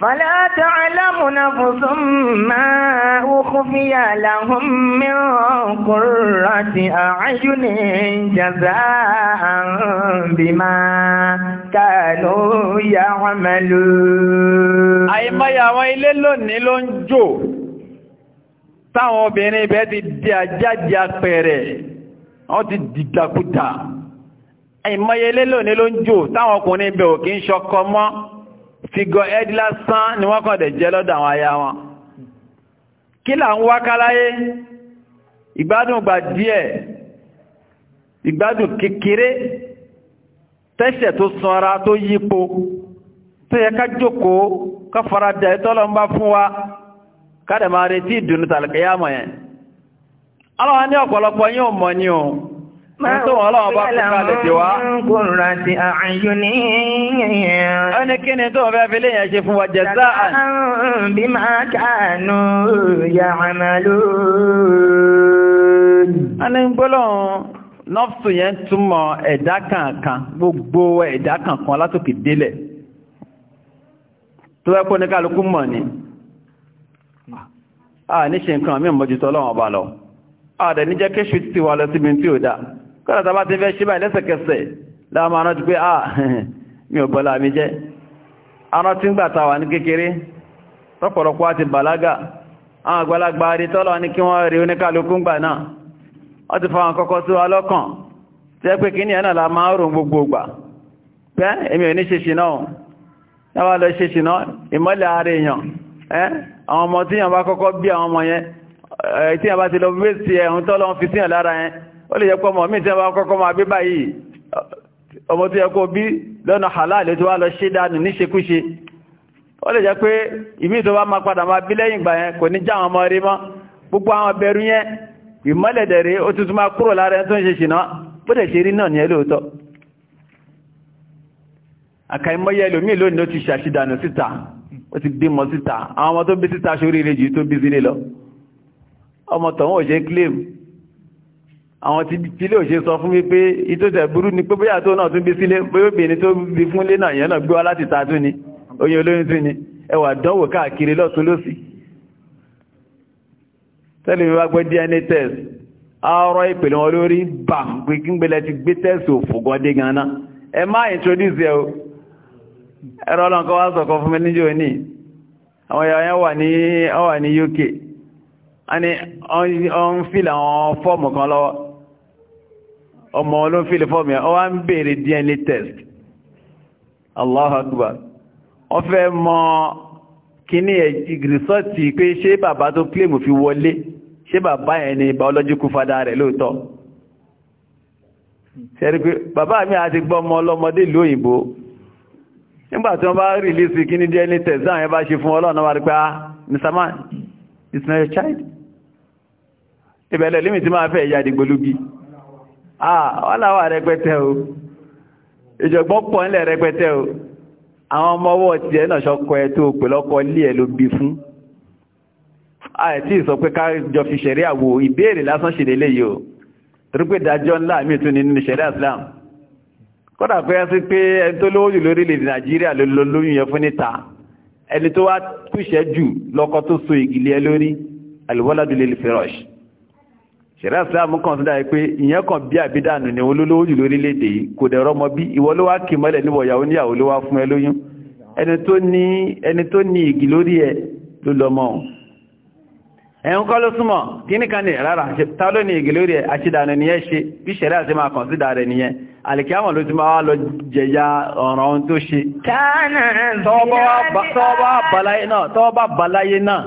فلا تعلم نفس ما أخفي لهم من قرة أعين جزاء بما كانوا يعملون àìmọye àwọn ilé lónìí ló ń jò táwọn obìnrin ibẹ̀ ti di àjáde apẹ̀rẹ̀ wọ́n ti dìdàkúta àìmọye ilé lónìí ló ń jò táwọn ọkùnrin ibẹ̀ ò kí ń ṣọkọ mọ́ figure head lásán ni wọ́n kàn dẹ̀ jẹ́ lọ́dọ̀ àwọn aya wọn kí là ń wá káláyé ìgbádùn gbà díẹ̀ ìgbádùn kékeré tẹ́ṣẹ̀ tó sanra tó yípo tó yẹ ká jókòó ká fara dẹ̀ tọ́lọ ń bá fún wa kádẹ̀ máa retí ìdùnnú tàlẹ̀kẹ́yàmọ̀ yẹn Nítorí wọn lọ́wọ́ bá kó kalẹ̀ tí wá. Kúrò àti àyùn ní ẹ̀yẹn. Ó ní kí ni tó fẹ́ fi lè ṣe fún wa jẹ sáà. Bí máa kàánú ya àmàlú. A ní gbólóhùn nọ́fṣù yẹn túmọ̀ ẹ̀dá kankan gbogbo ẹ̀dá kankan látòkè délẹ̀. Tó ẹ́ kó ní kálukú mọ̀ ni. A ní ṣe kọ́nà tàbá ti fẹ́ ṣíbà lẹ́sẹ̀kẹsẹ̀ láàmà ọ̀nà ti pé à ah, mi ò bọ́lá mi jẹ́ ọ̀nà tí ń gbà tàwà ní kékeré tọ́pọ̀lọpọ̀ àti bàlágà àwọn àgbàlagbà rí tọ́lọ ní kí wọ́n rí oníkàlùkù gbà tí ẹ la máa ń rùn gbogbo gbà pẹ́ èmi ò ní ṣeṣì náà náwà lọ ṣeṣì náà ìmọ́lẹ̀ ààrẹ èèyàn àwọn ọmọ tíyàn bá kọ́kọ́ bí àwọn ọmọ yẹn tíyàn bá ti lọ wé sí ẹ̀hún tọ́lọ fi síyàn lára yẹn ó lè yẹ pé ọmọ mi tẹ́ wá kọ́kọ́ máa bí báyìí ọmọ tó yẹ kó bí lọ́nà halal tó wá lọ ṣe dánù níṣekúṣe ó lè jẹ́ pé ìmí tó bá máa padà máa bí lẹ́yìn ìgbà yẹn kò ní já àwọn ọmọ rí mọ́ gbogbo àwọn bẹ̀rù yẹn ìmọ́lẹ̀dẹ̀ rí ó tuntun máa kúrò lára tó ń ṣe ṣìná ọmọ tó bí claim àwọn ti tílé òṣè sọ fún wípé ìtòtẹ̀ burú ni pé bóyá tó náà tún bí sílé bóyóbìnrin tó bí fúnlé náà yẹn náà gbé wá láti ta tún ni oyin olóyún tún ni ẹwà dánwò káàkiri lọ́tún lọ́sì tẹ́lẹ̀ DNA test àárọ̀ ìpèlè wọn lórí bam gbígbélẹ̀ ti gbé test òfògọ́dé ganan ẹ má introduce ẹ o ẹ̀rọ ọlọ́nkọ́ wá sọ̀kọ́ fún mi níjọ́ ní àwọn ìyàwó yẹn wà ọmọ olófíìlì fọ́ọ̀mù yẹn wọ́n ń bèèrè DNA test Allahu Akbar wọ́n fẹ́ mọ kíní ìrìsọ́ọ̀tì pé ṣé bàbá tó claim fi wọlé ṣé bàbá yẹn ni biological father rẹ̀ lóòótọ́ ṣẹ́rí pé bàbá mi àti gbọ́ ọmọ ọlọ́mọdé ìlú òyìnbó nígbà tí wọ́n bá rìlísì kíní DNA test náà yẹn bá ṣe fún ọlọ́run wá rí pé ah Mr. Man it's not your child ìbẹ̀lẹ̀ límìtì máa fẹ́ ìyá àdìgbòlógí Ah, wọ́láwà rẹpẹtẹ o ìjọ̀gbọ́n pọ̀ nílẹ̀ rẹpẹtẹ o àwọn ọmọ ọwọ́ ti ẹ̀ náà ṣọkọ ẹ tó pè lọ́kọ ilé ẹ ló bí fún àìtí ìsọ pé ká jọ fi ṣẹ̀rí àwò ìbéèrè lásán ṣe lélẹ̀ yìí o torí pé dájọ́ ńlá mi tún nínú ṣẹ̀rí Islam kódà pé ẹ sí pé ẹni tó lówó jù lórílẹ̀-èdè Nàìjíríà ló lóyún yẹn fún níta ẹni tó wá kúṣẹ́ jù lọ́kọ tó so ìgìlẹ̀ lórí alwaladu lil firash ṣẹ̀rẹ́ ìsìlámù kan tó dáa pé ìyẹn kan bí àbídànù ni olólówó jù lórílẹ̀-èdè yìí kò dẹ̀rọ mọ bí ìwọ ló wá kì mọ́lẹ̀ níwọ̀ ìyàwó níyàwó ló wá fún ẹ lóyún ẹni tó ní igi lórí ẹ ló lọ́mọ ẹ̀hún kọ́ ló súnmọ̀ kí ní kan ní rárá ta ló ní igi lórí ẹ àṣìdànù nìyẹn ṣe bí ṣẹ̀rẹ́ àti máa kàn sí dàrẹ nìyẹn àlìkíyàmọ̀ ló ti máa lọ jẹya ọ̀ràn ohun tó ṣe tọ́ọ̀bá bàláyé náà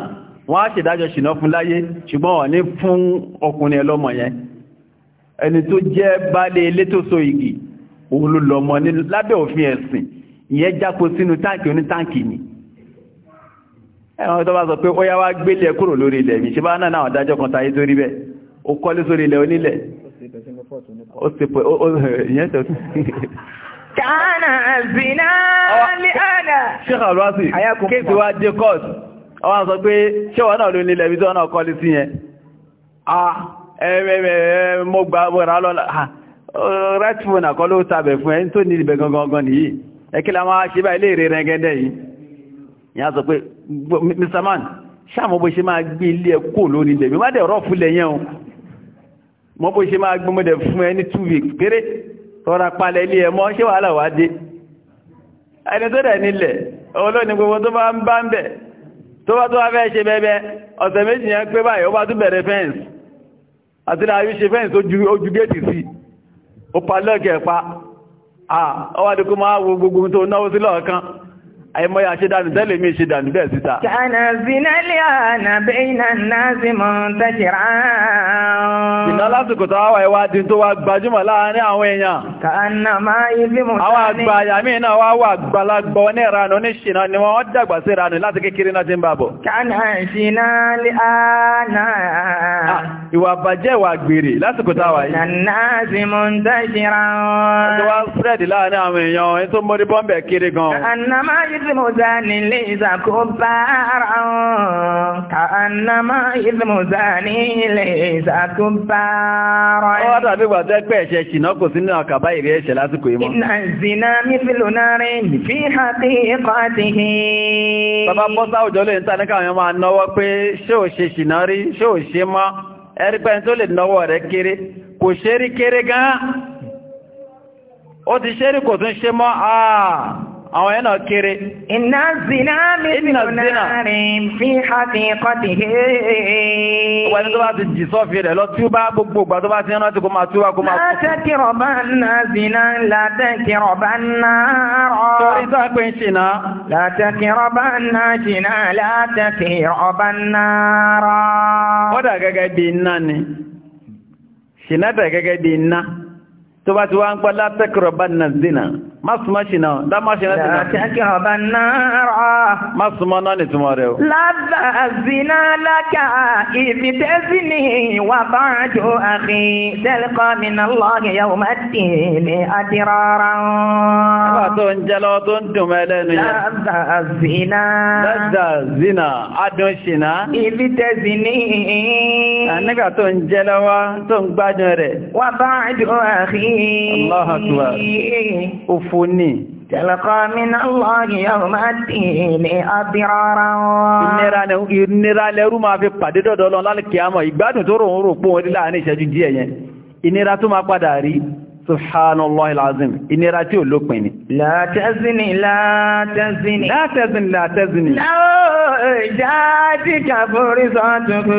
wọ́n á ṣèdájọ́ ṣìnà fún láyé ṣùgbọ́n wọ́n ní fún ọkùnrin ẹlọ́mọ yẹn ẹni tó jẹ́ baálé ilé igi òun ní lábẹ́ òfin ẹ̀sìn ìyẹn jápo sínú táǹkì oní táǹkì ni ẹ̀wọ̀n tó bá sọ pé ó yá wá gbélé kúrò lórí ilẹ̀ mi àwọn sọ pé ṣẹ́wọ̀n náà ló ní ilẹ̀ ìbítọ́ náà kọlí sí yẹn ẹ̀ẹ̀mẹ̀ẹ̀mẹ̀ mo gba bọ̀rá lọ́la right phone àkọ́ ló tàbẹ̀ fún ẹni tó ní ibẹ̀ gangan nìyí ẹkílá máa ṣe bá ilé ìrẹ́ rẹ̀gẹ́dẹ́ yìí ìyá sọ pé Mr. Man ṣáàmọ́ bó ṣe máa gbé ilé ẹkó lónìí lẹ̀mí má dẹ̀ rọ́ fúlẹ̀ yẹn o ẹni tó dẹ̀ nílẹ̀ olóòní gbogbo tó bá ń bá ń bẹ̀ tó bá tó wá fẹ́ ṣe bẹ́ẹ̀bẹ́ ọ̀sẹ̀ méjì yẹn pé báyìí ó bá tún bẹ̀rẹ̀ fẹ́ǹsì àti láàrí ṣe fẹ́ǹsì ojú géètì sí ó pa lọ́ọ̀kẹ̀ pa ọwádìí kó máa wo gbogbo tó náwó sí lọ́ọ̀kan àìmọ́ya ṣe dànù tẹ́lẹ̀ mi ṣe dànù bẹ́ẹ̀ síta. kànà zinaliya na bẹ́ẹ̀nà náà sí mọ̀ tẹ́kìrá. ìná lásìkò tó wá ìwádìí tó wá gbajúmọ̀ láàárín àwọn èèyàn. kànà máa ibi mọ̀ tání. àwọn àgbà àyàmí náà wá wà gbalagbọ ní ìranù ní ṣìnà ni wọ́n dàgbà sí ìranù láti kékeré náà ti ń bàbọ̀. kànà ṣìnà lè àná. ìwà bàjẹ́ ìwà gbèrè lásìkò táwa yìí. náà sí mọ̀ tẹ́kìrá. ó ti ìzmùzánì lè ìzàkó bára kàánàmá ìzmùzánì lè ìzàkó bára. Ó wá dàbí wà tẹ́ pẹ́ ẹ̀ṣẹ̀ ṣìnà kò sínú àkàbá ìrí ẹ̀ṣẹ̀ lásìkò ìmọ̀. Iná ìzìnà mífìlò náà rí fi hàtí ikọ̀ ti hì. Bàbá Bọ́sá òjò lè ń ta ní káwọn máa náwó pé ṣé ò ṣe ṣìnà rí, ṣé ò ṣe mọ́, ẹ̀rí ti ṣe rí kò tún ṣe mọ́, àà àwọn ẹ̀nà kéré iná zina mẹ́sìnàárín fi hàtí kọ́tí hẹ́ẹ̀ẹ́ wọ́n tó bá ti jì sọ́fì rẹ̀ lọ tí ó bá gbogbo ìgbà tó bá ti rántí kó máa túwá kó máa zina látẹ́kìrọ̀ bá ná rọ̀ torí tó pé ń ṣìnà látẹ́kìrọ̀ bá ná ti wá ń pẹ́ látẹ́kìrọ̀ bá zina Má súnmọ́ ṣìnà, dámọ́ ṣìnà ṣìnà. Láàkẹ́ ọba náà rọ̀. Má súnmọ́ náà ni túnmọ̀ rẹ̀ o. Lábàzínà lákà ìfìtẹ́sí ni ìwà bá jò àfi tẹ́lẹ̀kọ́ mi náà lọ́gẹ̀ yàwó má tì ní àdìrọ́ra. Ẹgbà tó ń jẹ́ lọ́wọ́ tó ń dùn mẹ́ lẹ́nu yẹn. Lábàzínà. Lábàzínà, adùn ṣìnà fún ní. Tẹ̀lẹ̀kọ́ mínà lọ́gì yóò máa dì ní ọbírọ́rọ́. Ìnira lẹ́rú máa fi pàdé dọ́dọ́ lọ lálẹ́kìá mọ̀ ìgbádùn tó rò ń rò pò wọn láàrin ìṣẹ́jú díẹ̀ yẹn. Ìnira tó máa padà rí. Subhanallah al-azim. Ìnira tí ò lópin ni. La tazini, la tazini. La tazini, la tazini. Láò jáde kàbórí sọ́tùkú.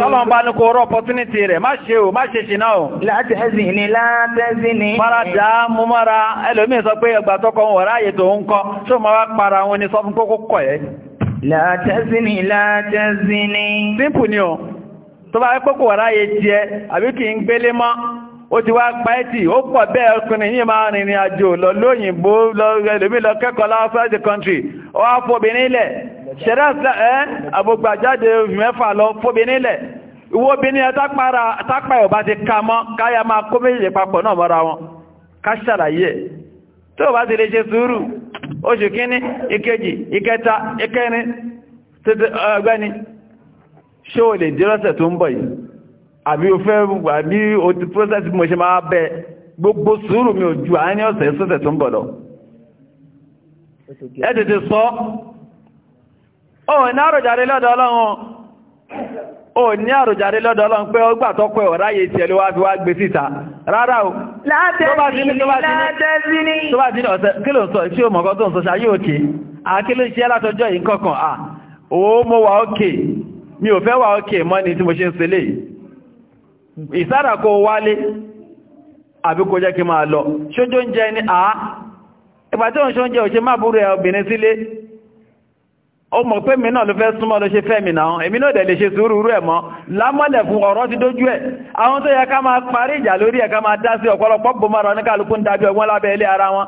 Tọ́lọ̀n bá ní kò rọ opportunity rẹ̀, má ṣe o, má ṣe ṣìná o. La tazini, la tazini. Mara dá mú mara, ẹlòmí sọ pé ẹgbà tọ́kọ wọn ráyè tó ń kọ́, tó máa wá para wọn ni sọ fún kókó kọ̀ ẹ́. La tazini, la tazini. Simple ni o, tó bá pẹ́ kò ó ti wá pa ẹ́tì ó pọ̀ bẹ́ẹ̀ ọkùnrin yìí máa rìnrìn àjò lọ lóyìnbó lọ́rẹ̀lómi lọ kẹ́kọ̀ọ́ láwọ́sá the country ó wá fòbìnrin ilẹ̀ ṣẹ̀dá ẹ́ àbògbàjáde mẹ́fà lọ fòbìnrin ilẹ̀ ìwọ obìnrin tápà ọba ti ka mọ́ káyà máa kó méjèèjì papọ̀ náà mọ́ra wọn ká ṣàlàyé tó bá ti lè ṣe sùúrù oṣù kíní ìkejì ìkẹta ìkẹrin ọgbẹ́ni ṣé o lè dé lọ́sẹ̀ tó ń bọ̀ yìí àbí o fẹ́ wà bí o ti process mo ṣe máa bẹ gbogbo sùúrù mi ò ju àárín ọ̀sẹ̀ sọ́sẹ̀ tó ń bọ̀ lọ ẹ tètè sọ ọ̀ ní àròjàre lọ́dọ̀ ọlọ́run ò ní àròjàre lọ́dọ̀ ọlọ́run pé ọgbà tọ́kọ ẹ̀ ọ̀ráyè tí ẹ̀ wá fi wá gbé síta rárá o tó bá dín ọ̀sẹ̀ tó ń mo wà ókè mi ò fẹ́ wà ókè mọ́ ìsára kó wálé àbí kó jẹ́ kí máa lọ ṣójó ń jẹ ní àá ìgbà tí ó ń n ń jẹ òṣe máa búrú ẹ obìnrin sílé ó mọ̀ pé mi náà ló fẹ́ súnmọ́ ló ṣe fẹ́ náà èmi náà dẹ̀ ṣe sùúrù rú lámọ́lẹ̀ fún ọ̀rọ̀ ti dójú ẹ̀ àwọn tó yẹ ká máa parí ìjà lórí ẹ̀ ká máa dá sí ọ̀pọ̀lọpọ̀ ń dábí ọgbọ́n lábẹ́ ilé ara wọn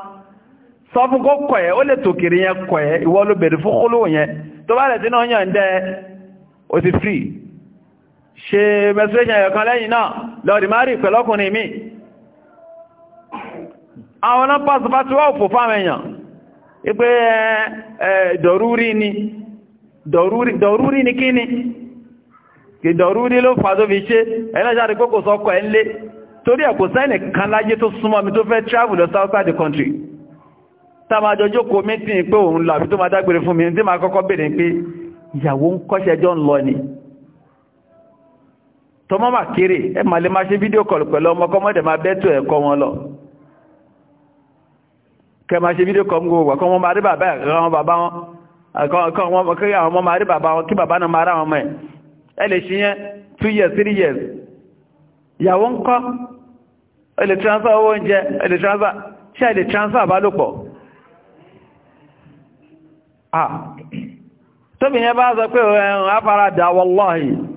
ṣe menstruation ẹ̀yọ̀kan lẹ́yìn náà lọ́dì márì pẹ̀lọ́kùnrin mi àwọn náà pàṣẹ bá ti wá òfò fáwọn èèyàn ipé dọ̀rúrí ni dọ̀rúrí ni kíni kì dọ̀rúrí ló fà tó fi ṣe ẹlẹ́jáde kókò sọ́kọ̀ ẹ̀ lé torí ẹ̀kò sẹ́nì kan láyé tó súnmọ́ mi tó fẹ́ travel lọ outside the country tàbájọ jókòó mítìn pé òun lọ àbí tó ma dágbére fún mi tí máa kọ́kọ́ bèèrè pé ìyàwó ń kọ́ṣẹ́jọ́ ń lọ ni tọmọ ma kiri, ẹ m'a lè máa ṣe fídíò kọlù pẹ̀lú ọmọ kọ́mọ́dé máa bẹ́tù ẹ̀kọ́ wọn lọ kẹ máa ṣe fídíò kọ́ gbogbo kọ́ wọn máa rí bàbá ẹ̀ kọ́ wọn bàbá wọn kọ́ wọn kí àwọn ọmọ máa rí bàbá wọn kí bàbá náà máa rá wọn mọ̀ ẹ̀ ẹ lè ṣe yẹn two years three years ìyàwó ń kọ́ ẹ lè transfer owó oúnjẹ ẹ lè transfer ṣé ẹ lè transfer àbálòpọ̀ ah tóbi yẹn bá sọ pé ẹ̀rùn afárádà wallahi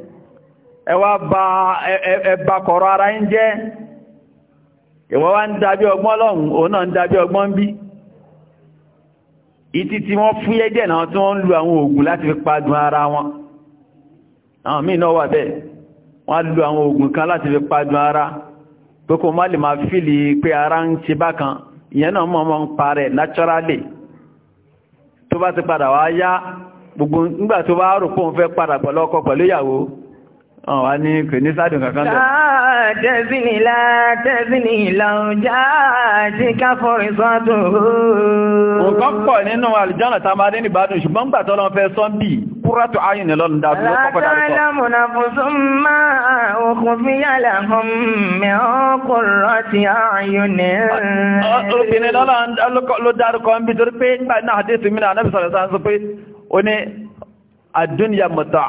ẹwà bá ẹbà kọ̀rọ̀ ara ń jẹ́ ìwọ́n wá ń dábí ọgbọ́n lọ́hùn òun náà ń dábí ọgbọ́n bí ìtí tí wọ́n fúyẹ́ jẹ́ náà tí wọ́n ń lu àwọn oògùn láti fi padùn ara wọn àwọn míì náà wà bẹ́ẹ̀ wọ́n lu àwọn oògùn kan láti fi padùn ara pé kò má lè máa fìlì pé ara ń ṣe bákan ìyẹn náà mọ̀ mọ́ ń parẹ́ naturally tó bá ti padà wá yá gbogbo nígbà tó bá rò pé òun fẹ́ padà pẹ̀lú ọkọ pẹ̀lú ìyàwó Ọ̀wá ní kò ní sádùn kankan bẹ̀. Tẹ́bìnì látẹ́bìnì lọ́jà tí káfọ́rin sọ́tò. Nǹkan pọ̀ nínú àlìjánà tá máa dé ní ìgbádùn ṣùgbọ́n gbà tọ́lọ fẹ́ sọ́nbì kúrọ́tù ayùn ní lọ́nà dáadọ́ lọ́pọ̀ dáadọ́. Látàlámùnà fún súnmọ́ òkun fi yàlà hàn mẹ́ọ́ kò rọ́tì ayùn ní. Obìnrin lọ́la ló dárúkọ ń bí torí pé nígbà náà dé sí mi náà, Anábìsọ̀rọ̀ sáà sọ pé ó ní àdúnyà mọ̀tà.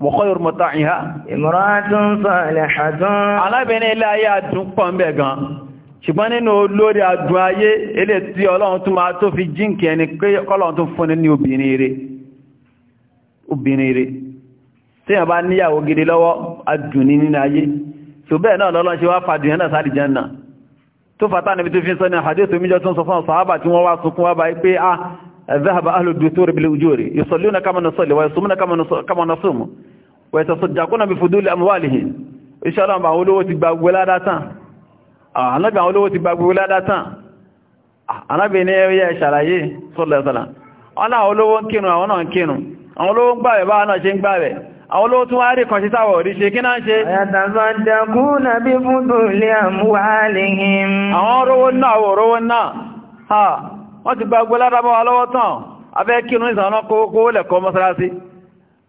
وخير متاعها امرأة صالحة على بين الله يا دون بيغان ṣùgbọ́n nínú olórí adùn ayé ilé tí ọlọ́run tún máa tó fi jíǹkì ẹni pé ọlọ́run tún fún ní obìnrin rẹ̀ tí yàn bá níyàwó gidi lọ́wọ́ adùn ní nínú ayé tó bẹ́ẹ̀ náà lọ́lọ́n ṣe wá fàdùn yánà sáàdì jẹ́nà tó fàtà níbi tó fi sọ ní àdé tó míjọ tún sọ ويتصدقون بفضول أموالهم إن شاء الله ما أولوه تبقى ولادة أنا ما أولوه تبقى ولادة أنا بني يا شرعي صلى الله عليه وسلم أنا أولوه كينو أنا كينو أولوه àwọn olówó tún wá kan sí táwọ̀ orí ṣe kí náà ṣe àyàtàfàdàkú nàbí fúdù lè àmúwàálìhìn àwọn orówó náà wò orówó náà ha wọ́n ti gbogbo lára bọ́ tán abẹ́ kírun ìsànà kówó lẹ̀kọ́ mọ́sálásí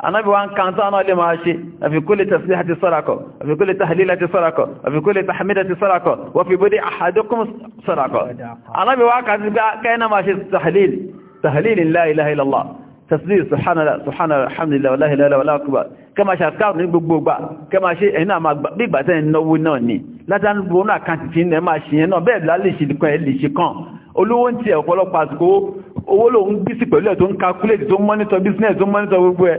anábi wa ń kan tó náà lè máa ṣe àfikúlé tasbíhà ti sọ́rakọ̀ àfikúlé tahlila ti sọ́rakọ̀ àfikúlé tahmida ti sọ́rakọ̀ wọ́n fi bóde ahadukum sọ́rakọ̀ anábi wa kà sí kẹ́ẹ̀nà máa ṣe tahlil tahlil la ilaha illallah tasbih subhanallah subhanallah alhamdulillah wala ilaha illa huwa akbar kama ṣe àkáàrù ní gbogbo gbà kama ṣe ẹ̀yìn àmà gbígbà tẹ́ ìnáwó náà ni látàrí bọ́nà àkáǹtì tí ẹ máa ṣe yẹn náà bẹ́ẹ̀ lálẹ́ ìṣìdíkan ẹ̀ lè ṣe kàn olówó ń tiẹ̀ ọ̀pọ̀lọpọ̀ àsìkò owó lòun gbísì pẹ̀lú ẹ̀ tó ń calculate tó monitor business tó monitor gbogbo ẹ̀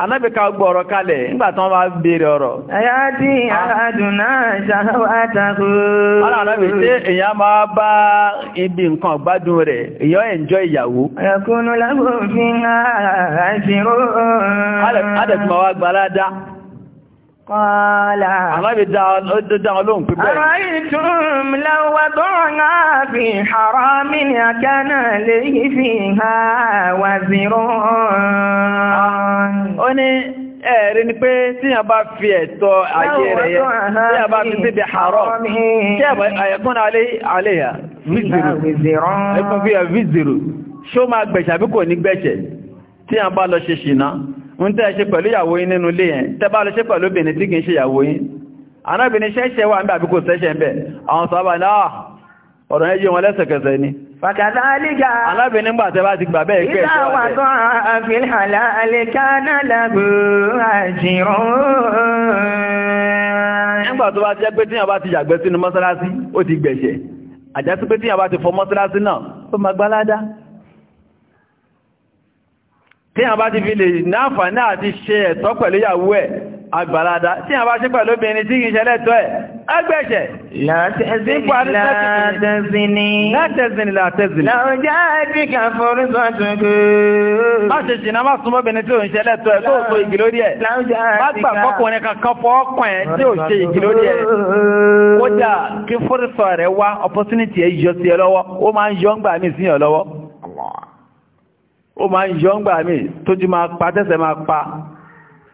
alábìká gbọ́rọ̀ kalẹ̀ nígbàtán wá bèèrè ọ̀rọ̀. ẹ̀yà tí àádùnà ṣàwátàkù. ọ̀rọ̀ alábì tí èyàn máa bá ibi nǹkan gbádùn rẹ̀ èyàn ẹ̀njọ́ ìyàwó. ẹ̀kúnú lágbòfin àṣírò. Kọ́lá. Ànábì dá ọlóhùn pípẹ́. Àrọ̀ ìtùm lọ́wọ́ tó rọ̀nà fi àrọ̀ mi ní àkánà lè yí fi ha wà zírọ̀. Ó ní ẹ̀rí ni pé tí a bá fi ẹ̀tọ́ ayé rẹ̀ yẹ, tí a bá fi síbi àrọ̀, tí a bá ayẹ̀kún àléyà, vizero, ẹkùn fi ẹ̀ vizero, ṣó máa gbẹ̀ṣẹ̀ kò ní gbẹ̀ṣẹ̀ tí a bá lọ ṣe ṣìná ń tẹ́ ṣe pẹ̀lú ìyàwó yín nínú ilé yẹn tẹ́ bá lọ ṣe pẹ̀lú obìnrin tí kìí ṣe ìyàwó yín anábìnrin ṣẹ́ṣẹ́ wà ń bẹ̀ àbíkò ṣẹ́ṣẹ́ ń bẹ̀ àwọn sọ́bà náà ah, ọ̀rọ̀ yẹ́ yí wọn lẹ́sẹ̀kẹsẹ̀ ni Fàkàtàlígà. Alábìnrin gbà tẹ́bá ti gbà bẹ́ẹ̀ pé ẹ̀ṣọ́ rẹ̀. Ìdáwàkọ́ àfihàlá àlèkánà lábò àjìrò. Nígbà tó bá ti jẹ́ pé tíyàn bá ti yàgbẹ́ sínú mọ́sálásí, ó ti gbẹ̀ṣẹ̀. Àjásí pé tíyàn bá ti fọ mọ́sálásí náà, ó máa gbaládá tí a bá ti fi lè náàfà náà ti ṣe ẹ̀tọ́ pẹ̀lú ìyàwó ẹ̀ àgbàládá tí a bá ṣe pẹ̀lú obìnrin tí kì í ṣẹlẹ́tọ́ ẹ̀ ẹgbẹ̀ṣẹ̀ látẹ́zìnì látẹ́zìnì láwọ́já ẹ̀dìkà fọ́rúsọ́tùnkú má ṣe ṣìnà má súnmọ́ obìnrin tí ò ń ṣẹlẹ́tọ́ ẹ̀ tó so ìgì lórí ẹ̀ má gbà fọ́kùnrin kankan fọ́ọ̀kùn ẹ̀ tí ò ṣe ìgì lórí ẹ̀ kódà kí fọ́rúsọ rẹ̀ wá opportunity ẹ̀ yọ sí ẹ lọ́wọ́ ó máa ń yọ ń gbà ó máa ń yọ ń gbà mí tó jí máa pa tẹ́sẹ̀ máa pa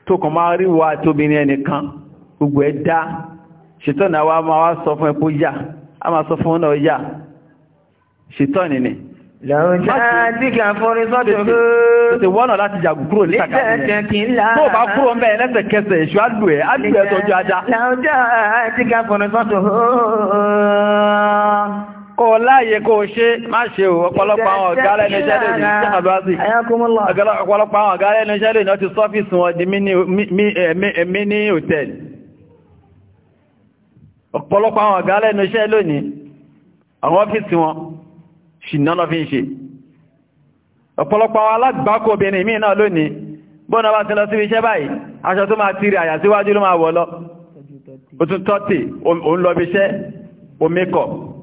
tó kàn máa rí wa tóbi ẹnìkan gbogbo ẹ̀ dá ṣètọ́nì àwa máa wá sọ fún ẹ kó yà máa sọ fún ọ yà ṣètọ́nì ni. làwùjá àdìgà forí sọ́dọ̀ ló. tètè wọ́nà kò láàyè kò ṣe má ṣe ò ọ̀pọ̀lọpọ̀ àwọn ọ̀gá lẹ́nu iṣẹ́ lè ní ṣàbáṣì ọ̀pọ̀lọpọ̀ àwọn lẹ́nu iṣẹ́ sọ́fíìsì wọn di mini eh, eh, hòtẹ́lì ọ̀pọ̀lọpọ̀ àwọn ọ̀gá lẹ́nu iṣẹ́ lónìí àwọn ọ́fíìsì wọn ṣìnà lọ fi ń ṣe ọ̀pọ̀lọpọ̀ àwọn alágbàkò obìnrin míì náà lónìí bọ́nà bá ti lọ síbi iṣẹ́ báyìí aṣọ tó máa tiri àyà síwájú ló máa wọ̀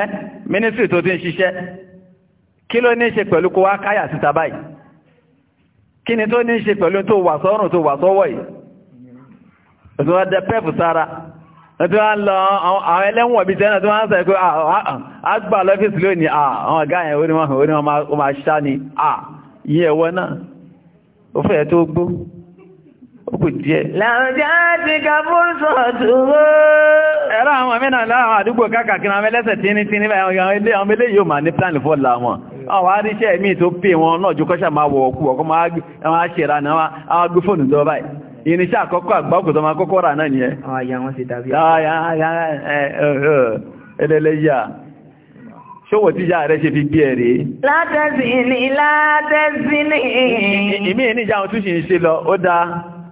ẹ́ mínísírì tó ti ń ṣiṣẹ́ kí ló ní ṣe pẹ̀lú kó wá káyà síta báyìí kí ni tó ní ṣe pẹ̀lú tó wà sọ́rùn tó wà sọ́wọ́ yìí òtún wá dẹ pẹ́ẹ̀fù sára tí wọ́n lọ àwọn ẹlẹ́wọ̀n bí tẹ́nà tí wọ́n sọ pé àgbà lọ́fíìsì lónìí àwọn ọ̀gá yẹn oníwọ̀n máa ṣá ni yí ẹ̀wọ́ náà ó fẹ́ tó gbó ó kù díẹ̀. làwùjá ti ka fúrúsọ̀ dúró. ẹ̀rọ àwọn mìíràn láwọn àdúgbò kákàkiri àwọn ẹlẹ́sẹ̀ tínítíní báyìí àwọn ilé yóò máa ní plan fọ́ọ̀lù wọn náà jù kọ́ṣà máa wọ̀ tí ìyá rẹ̀ ṣe fi gbé ẹ̀rẹ́ látẹ́sì ní látẹ́sì ní ìmí túnṣì ń ṣe lọ ó dáa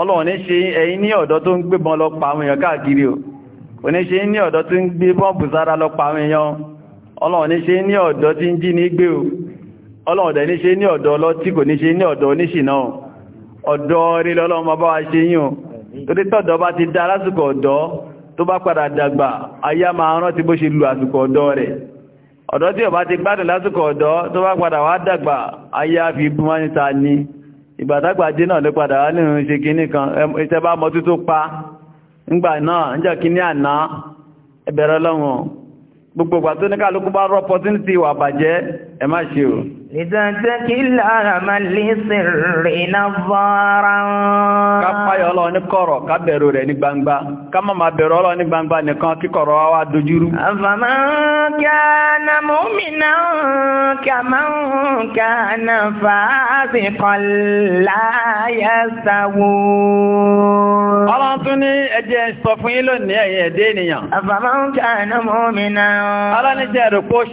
ọlọ́run ní ṣe ẹ̀yin ní ọ̀dọ́ tó ń gbé bọn lọ pa àwọn èèyàn káàkiri o kò ní ṣe ní ọ̀dọ́ tó ń gbé bọ́ǹbù sára lọ pa àwọn èèyàn ọlọ́run ní ṣe ní ọ̀dọ́ tí ń jí ní gbé o ọlọ́run dẹ̀ ní ṣe ní ọ̀dọ́ ọlọ́tí kò ní ṣe ní ọ̀dọ́ oníṣìná ọ̀dọ́ rí lọ́lọ́run bá wá ṣe yín o torí tọ́dọ̀ bá ti gbádùn lásìkò ọ̀dọ́ tó bá padà wá dàgbà ayá fi bú níta ní ìgbàtàgbàdé náà ló padà wá nínú ṣe kíní kan ìtẹ́bá mọ́tú tó pa ńgbà náà ń jẹ́ kíní àná ẹbẹ̀rẹ̀ lọ́wọ́n gbogbo ìgbà tó ní bá rọ opportunity wà bàjẹ́ ẹ má ṣe o. ìtàntẹ́kì lára máa lè sèrè náà fọ́nrán ọlọ́run ní kọ̀rọ̀ ká bẹ̀rù rẹ̀ ní gbangba ká má máa bẹ̀rù ọlọ́run ní gbangba nìkan kíkọ̀rọ̀ wa dojúrú. àfàmà la yastawun. ọlọ́run tún ní ẹjẹ́ sọ fún yín lónìí ẹ̀yìn ẹ̀dẹ́ ènìyàn. àfàmà kana mu'minan.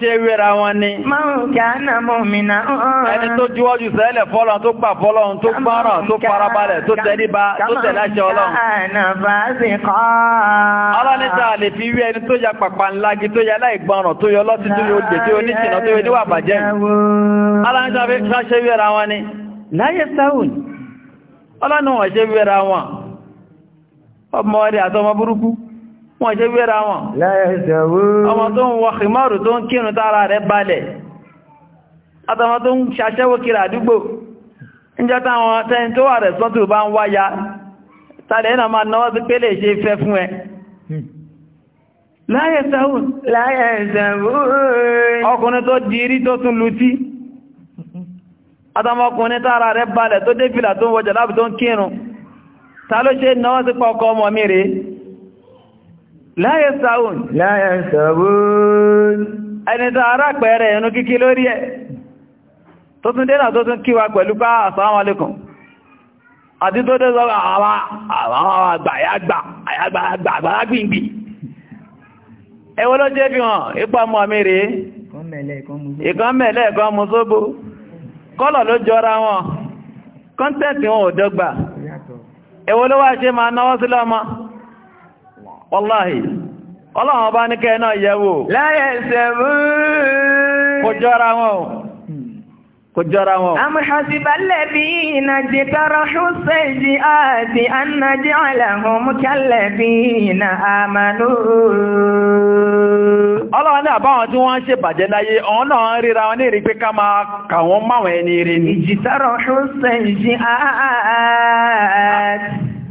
ṣe wéra wọn ni. man kana mu'minan. ẹni tó juwọ́jú sẹ́lẹ̀ fọ́lọ́run tó gbà fọ́lọ́run tó gbọ́ràn tó farabalẹ̀ tó tẹ́ríba tó tẹ́ tẹ̀ láṣẹ ọlọ́run. ọlọ́ni tá a lè fi wí ẹni tó ya pàpà ńlági tó ya láìgbọràn tó yọ lọ́sí tó yọ òjè tó yọ oníṣìnà tó yọ níwà bàjẹ́ ọlọ́ni tá a ṣe wíra wọn ni láyé sáwùn ọlọ́ni wọ́n ṣe wíra wọn ọmọ rẹ̀ àtọmọ burúkú wọ́n ṣe wíra wọn. láyé sáwùn ọmọ tó ń wọ kìmọ́rù tó ń kírun tára rẹ̀ balẹ̀ àtọmọ tó ń ṣaṣẹ́wó kiri àdúgbò ń jẹ́ táwọn tẹ́ni tó wà rẹ̀ sọ́tù bá ń wáyá tàdẹ̀ náà máa náwọ́ sí pé lè ṣe fẹ́ fún ẹ hmm. láyẹ̀sẹ̀hún ọkùnrin tó dìírí tó tún lutí àtàmọkùnrin tára rẹ̀ balẹ̀ tó dé fìlà tó ń wọjà láàbù tó ń kírun ta ló ṣe náwọ́ sí pọ̀kọ́ ọmọ mi rèé láyẹ̀sẹ̀hún ẹni tó ará pẹ̀ẹ́rẹ̀ alaikum àti tó tẹ́sọ́ àwọn àgbàyàgbà wọn kọ́ntẹ́ntì wọn ò dọ́gba ẹwọ́ ló wá ṣe máa náwọ́ sí lọ́mọ wọ́láhì ọlọ́run bá ní kẹ́ náà láyẹ̀ kò jọra wọn kò jọra wọn. àmúhàsíbálẹ̀ bí ìnàjì tọrọ ṣúṣẹ́ ìjì àti ànàjì ọ̀làhùn múkẹ́lẹ̀ bí ìnà àmàlú. ọlọ́run náà báwọn tí wọ́n ń ṣe bàjẹ́ láyé ọ̀hún náà ń ríra wọn ní ìrí pé ká máa kà wọ́n máwọn ẹni rí ni. ìjì tọrọ ṣúṣẹ́ ìjì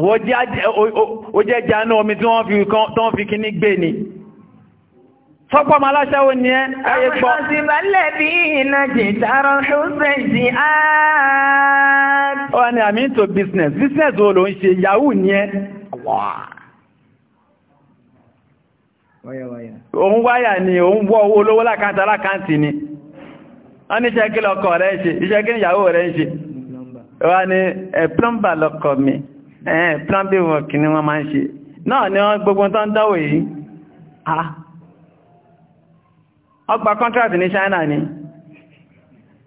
ó jẹ́ jáná omi tí wọ́n fi kíní gbé ni Sọ́pọ̀ máa láṣẹ́wò ní ẹ́ ayé gbọ́. Àwọn ìbálẹ̀ bí iná jìtàrọ̀ ṣúṣẹ́ sí ààrẹ. Ó ní àmì tó business. Business wo ló ń ṣe Yahoo ní ẹ́? Òun wáyà ni, òun wọ́ olówó lákàntà lákàntì ni. Wọ́n ní iṣẹ́ kí lọ́kọ̀ rẹ̀ ń ṣe, iṣẹ́ kí ni Yahoo rẹ̀ ń ṣe. Wọ́n ní ẹ̀ plumber lọ́kọ̀ mi ẹ̀ẹ́ eh, plumbing work ni wọ́n máa ń ṣe náà ni wọ́n gbogbo tó ń dáwò yìí ah ọgbà contract ní China ni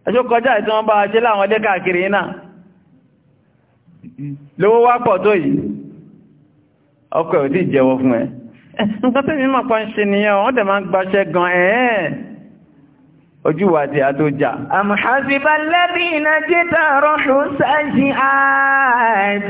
ẹjọ́ kọjá ìtí wọ́n bá ṣe láwọn ilé káàkiri náà lówó wá pọ̀ tó yìí ọkọ̀ ẹ̀ ò tí jẹ́wọ́ fún ẹ eh, nǹkan tẹ́mi mọ̀ pọ̀ ń ṣe nìyẹn wọ́n dẹ̀ máa ń gbaṣẹ́ gan ẹ̀ẹ́ eh. ojú wa ti a tó jà. àmùhàsíbálẹ́bí iná jẹ́ta rọ́ṣùn sáàjì áàtì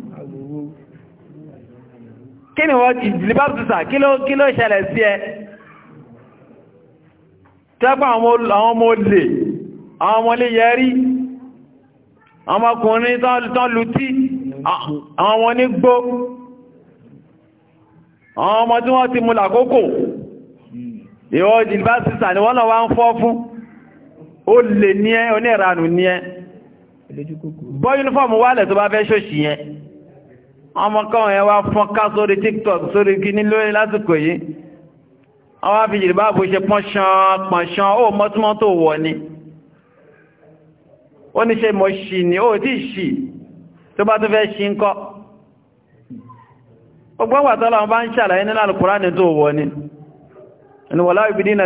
kí ni wọ́n ìjìlìbábùsà kí ló ṣẹlẹ̀ sí ẹ tẹ́gbà àwọn ọmọ olè àwọn ọmọ olè yẹrí ọmọkùnrin tán lùtí àwọn ọmọ ní gbó àwọn ọmọ tí wọ́n ti mú làkókò ìwọ́ ìjìlìbábùsà ni wọ́n náà wá ń fọ́ fún ó lè ní ẹ onírànù ní ẹ bọ́ yúnífọ́ọ̀mù wálẹ̀ tó bá fẹ́ ṣòṣì yẹn ọmọ kọ́wọ̀n yẹn wá fọ́n ká sórí tiktok sórí kíní lórí lásìkò yìí àwọn àfijìrì bá bó ṣe pọ́nṣán pọ̀nṣán ó mọ́túnmọ́ tó wọ̀ ni ó ní ṣe mọ̀ ṣì ní ó tí ṣì tó bá tó fẹ́ ṣì ń kọ́ ọgbọ́gbàtọ́lọ́wọ́n bá ń ṣàlàyé nínú alùkùránì tó wọ̀ ni wala yubdina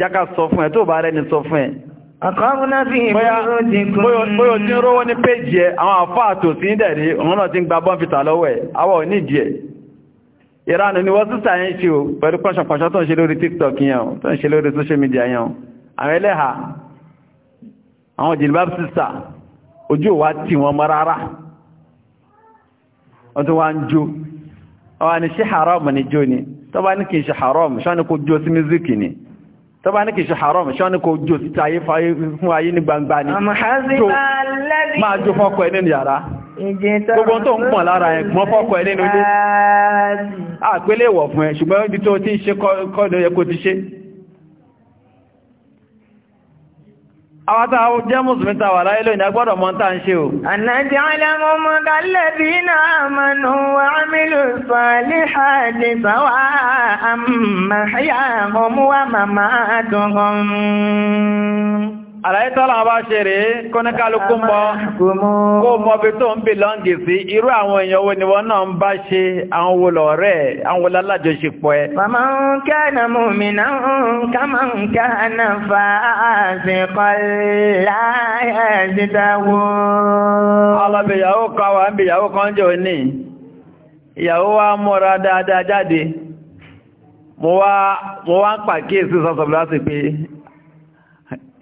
jáka sọ fún ẹ tó bá rẹni sọ fún ẹ àkọ́rùn-ún fi ìbúrúdìkún bóyọ̀ tí ń rówó ní péjì ẹ àwọn àfáà tó sí ń dẹ̀rí òun náà ti ń gba bọ́ǹfìtà lọ́wọ́ ẹ̀ àwọ̀ ò ní ìdí ẹ̀ ìranù ni wọ́n sísà yẹn ṣe o pẹ̀lú pọ́ṣọpọ̀ṣọ́ tó ń ṣe lórí tiktok yẹn tó ń ṣe lórí social media yẹn àwọn ẹlẹ́ha àwọn jìnbá sísà ojú wa ti wọn mọ́ rárá wọ́n tó wá ń jó àwọn ni ṣe haram ni jó ni tó ní kì í ṣe haram ṣọ́ tọ́bá ní kìí ṣe haram ṣọ́ ní kò jò síta ayé fún ayé ní gbangba ni máa jò fọ́kọ ẹ̀ nínú yàrá gbogbo tó ń pọ̀n lára ẹ̀ mọ́ fọ́kọ ẹ̀ nínú ilé àpélé ìwọ̀ fún ẹ̀ ṣùgbọ́n ibi tó ti ń ṣe kọ́dọ̀ yẹ kó ti ṣe àwátá ó jẹ́ mùsùlùmí tàwà láyé lónìí agbọ́dọ̀ mọ́ tàà ń ṣe o. ànàjẹ́ alámọ́mọ́ kálẹ̀bí náà mọ̀nà wà mílò sọ̀lẹ̀ àlàyétọ́lá bá ṣe rèé kó ní kálukú mọ́ kó mọ́ bí tó ń bí lọ́ngì sí irú àwọn èèyàn wo ni wọ́n náà ń bá ṣe àwọn wòlọ̀ rẹ̀ àwọn wòlọ̀ alájọṣepọ̀ ẹ. màmá ń kẹ́nà mú mi náà kàmá ń kẹ́nà fa àṣekọ́lá ẹ̀ẹ́dẹ́dáwó. ọlọ́bìyàwó kan wà ń bìyàwó kan jò ní ìyàwó wa múra dáadáa jáde mo wá ń pàkíyèsí sọ́sọ̀ lásìkò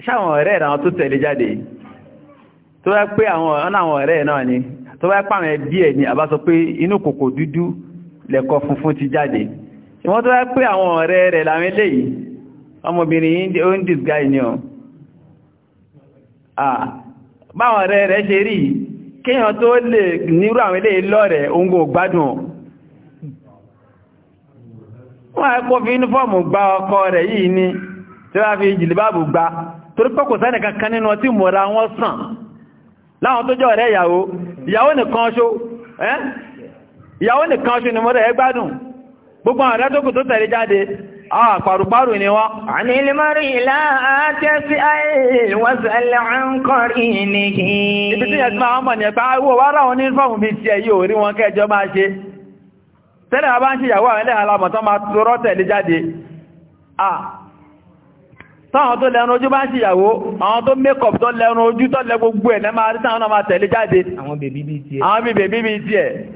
ṣáwọn ọ̀rẹ́ ìràwọn tó tẹ̀lé jáde tó wá pé àwọn ọ̀rẹ́ náà ni tó wá pàwọn ẹbí ẹ̀ ni àbá sọ pé inú kòkò dúdú lẹ̀kọ́ funfun ti jáde ìwọ́n tó wá pé àwọn ọ̀rẹ́ rẹ̀ láwọn eléyìí ọmọbìnrin ó ń ni ọ báwọn ọ̀rẹ́ rẹ̀ ṣe rí kéèyàn tó lè nírú àwọn eléyìí lọ́rẹ̀ oúnjẹ ògbádùn wọ́n á pọ́ fi inú fọ́ọ̀mù gba ọkọ rẹ̀ yìí ni tí wọ́n á fi jìlìbáàbù gba torí pé kò sẹ́ni kankan nínú ọtí mọ̀ra wọn sàn láwọn tó jẹ́ ọ̀rẹ́ ìyàwó ìyàwó nìkan ṣó ìyàwó nìkan ṣó ni mọ́rẹ̀ ẹgbádùn gbogbo àwọn ọ̀rẹ́ tó kù tó tẹ̀lé jáde àwọn àpàrùpàrù ni wọ́n. àní ilmọ́rí ilá àtẹ́sí àìwọ̀sẹ̀lẹ̀ ọ̀nkọ̀rí ni kí. ibi tí ẹ̀sìn máa ń mọ̀ ah, ní ẹ̀pá wò wá ráwọn ní fọ́ọ̀mù bíi tiẹ̀ yóò rí wọn kẹjọ máa ṣe tẹ́lẹ̀ bá ń ṣe ìyàwó àwọn ẹlẹ́hàlámọ̀ tán máa torọ́ tẹ̀lé jáde ah, táwọn tó lẹ́nu ojú bá ń ṣìyàwó àwọn tó makeup tó lẹ́nu ojú tó lẹ gbogbo ẹ̀ lẹ́ máa rí táwọn náà máa tẹ̀lé jáde àwọn bèbí bíi tiẹ̀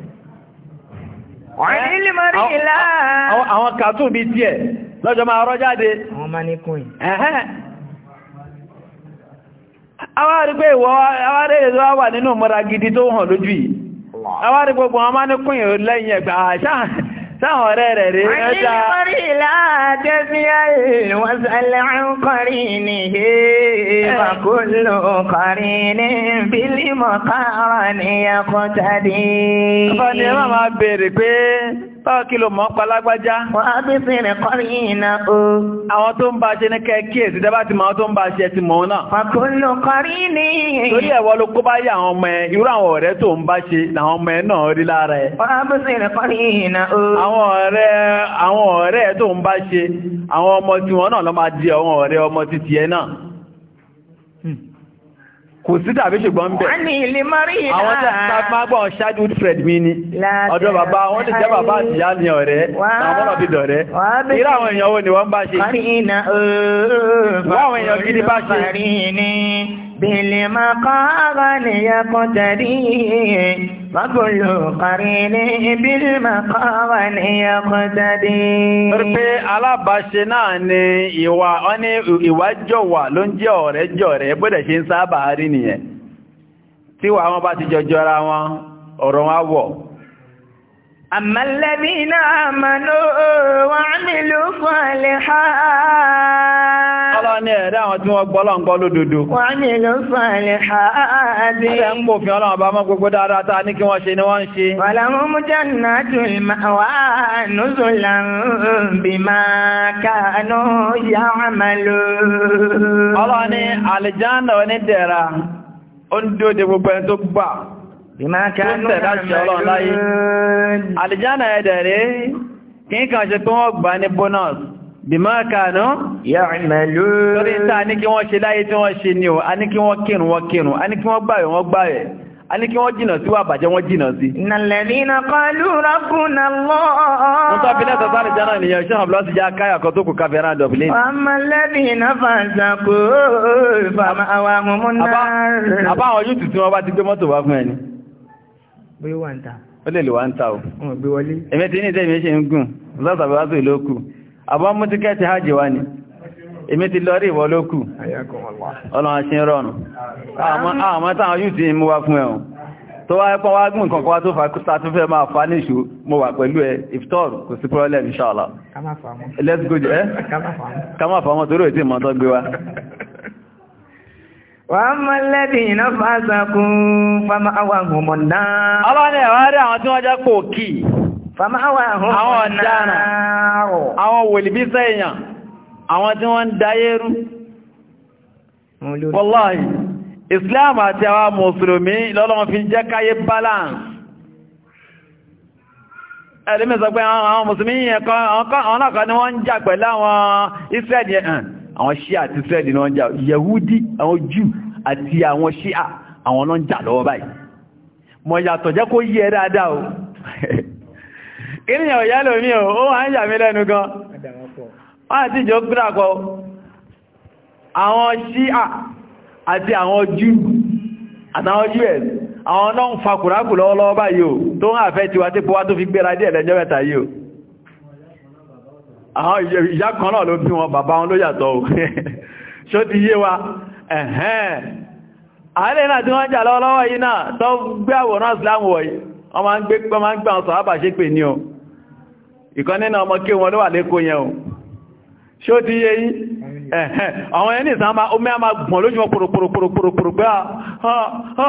àwọn kàtún bíi tiẹ̀ lọ́jọ́ máa rọ́ jáde àwọn manikun àwárí pé ìwọ táwọn ọ̀rẹ́ rẹ̀ rí ẹja. àyíkọ́rí láàdé sí ẹ̀yìn wọ́n sẹ́lẹ̀ ń kọrí ní ṣe ìfàkúlò kọrí ní Tọ́ọ̀kìlò mọ́ palágbájá. Wọ́n á bí sí rẹ̀ kọ́rí iná o. Àwọn tó ń bá ṣe ní kẹ́kíẹ̀ sí dábá ti máa tó ń bá ṣe ti mọ̀ náà. Fàkúlù kọ́rí ní. Torí ẹ̀wọ́ ló kó bá yà àwọn ọmọ ẹ, irú àwọn ọ̀rẹ́ tó ń bá ṣe làwọn ọmọ ẹ náà rí lára ẹ. Wọ́n á bí sí rẹ̀ iná o. Àwọn ọ̀rẹ́ àwọn ọ̀rẹ́ tó ń bá ṣe, àwọn ọmọ tiwọn náà lọ máa di àwọn ọ̀rẹ́ ọmọ titi ẹ kò sí dàbí ṣùgbọ́n bẹ̀. wọ́n ní ilé mọ́rí náà. àwọn tí a máa gbọ́ ṣáájú fred mi ni. ọ̀dọ̀ bàbá wọn ti jẹ́ bàbá àtìyá ni ọ̀rẹ́ àwọn ọ̀bí dọ̀rẹ́. irú àwọn èèyàn wo ni wọ́n bá ṣe. wọ́n àwọn èèyàn gidi bá ṣe. بالمقارن يقتدي وكل قرين بالمقارن يقتدي. pé alábàáṣe náà ni ìwà ọ́ní alabashe naanị ló ń jẹ́ ọ̀rẹ́ jọ̀rẹ́ bó dẹ̀ ṣe ń sábà rí nìyẹn tí wà wọn bá ti jọjọra wọn ọ̀rọ̀ wọn á أما الذين آمنوا وعملوا صالحات ọlọ́ni ẹ̀rẹ́ àwọn tí wọ́n gbọ́lọ̀ ń gbọ́ lódodo وعملوا صالحات ẹ̀rẹ́ ń pòfin ọlọ́run bá mọ́ gbogbo dáadáa tàà ní kí wọ́n ṣe ni wọ́n ń ṣe ولهم جنات المأوى نزلا بما كانوا يعملون ọlọ́ni àlìjáàndà onídẹ̀ra ó ń dóde gbogbo ẹni tó gbà Àlìjánà ẹ̀dẹ̀ rí kí n kàn ṣe tó wọ́n gbà ní bonus bí máa kàánú yàmẹ̀lú lórí ta ní kí wọ́n ṣe láyé tí wọ́n ṣe ní o a ní kí wọ́n kírun wọ́n kírun a ní kí wọ́n gbààwẹ̀ wọ́n gbààwẹ̀ a ní kí wọ́n jìnà sí wàbàjẹ́ wọ́n jìnà sí nàlẹ̀dínà kọlu rabbuna Allah wọ́n tó fi lẹ́tọ̀ sáré jẹ́nà nìyàn iṣẹ́ pé ó wà ń ta ó lè lè wà ń ta o gbé wọlé ẹ̀mẹ́ tí ní ìtẹ́mẹ́ ṣe ń gùn lọ́sàbẹ̀ wá sí ìlókù àbọ́ mú tíkẹ́ẹ̀tì hajj wá ní èmi ti lọ rí ìwọ lókù ọlọ́run ṣe rọrùn àmọ́ táwọn yóò ti mú wa fún ẹ̀hùn tó wá ẹpọ́ wá gùn kankan wá tó fà kúta tó fẹ́ máa fà ní ìṣò mo wà pẹ̀lú ẹ ìfitọ́rù kò sí problem inshallah let's go jẹ́ eh? ká má fà mọ́ torí ètí ìmọ̀ tó gbé wa وَأَمَّا الَّذِينَ فَاسَقُوا فَمَأْوَاهُمُ النَّارُ Ọlọ́ni ẹ̀wà àwọn tí wọ́n jẹ́ kò kí. àwọn èèyàn, àwọn tí wọ́n ń dayé Islam àti àwọn Mùsùlùmí lọ́lọ́wọ́n fi jẹ́ káyé balance. Ẹ̀lẹ́mẹ́ sọ pé àwọn Mùsùlùmí àti àwọn ṣíà àwọn náà ń jà lọ́wọ́ báyìí mọ̀ yàtọ̀ jẹ́ kó yí ẹ dáadáa o kíníyàn ìyá lómi o ó wà ń yà mí lẹ́nu gan wọ́n àti ìjọ gbúdàpọ̀ àwọn ṣíà àti àwọn jù àtàwọn us àwọn náà ń fakùrákù lọ́wọ́lọ́wọ́ báyìí o tó ń àfẹ́ tiwa tí pọ́wá tó fi gbéra díẹ̀ lẹ́jọ́ mẹ́ta yìí o àwọn ìyá kan náà ló bí wọn bàbá wọn ló yàtọ̀ ṣó ti yé wa ẹ̀hẹ́n ààrẹ náà tí wọ́n jà lọ́wọ́ yìí náà tó gbé àwòrán ìsìláàmù wọ̀nyí wọ́n máa ń gbé àwọn ṣe pè ní ọ. ìkan nínú ọmọ kí wọn ló wà lẹ́kọ́ yẹn o ti ẹ̀hẹ́n àwọn a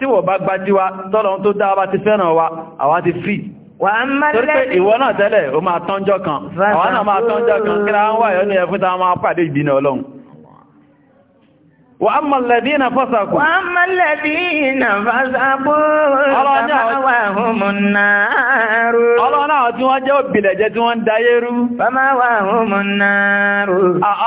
tí wọ́n bá gbájíwá tọ́lọ́run tó dáa bá ti fẹ́ràn wa àwa ti fi torí pé ìwọ náà tẹ́lẹ̀ o máa tọ́njọ́ kan àwa náà máa tọ́njọ́ kan وأما الذين فسقوا وأما الذين فسقوا فمأواهم النار ọlọ́nà tí wọ́n jẹ́ òbìlẹ̀jẹ́ tí wọ́n ń dayérú فمأواهم النار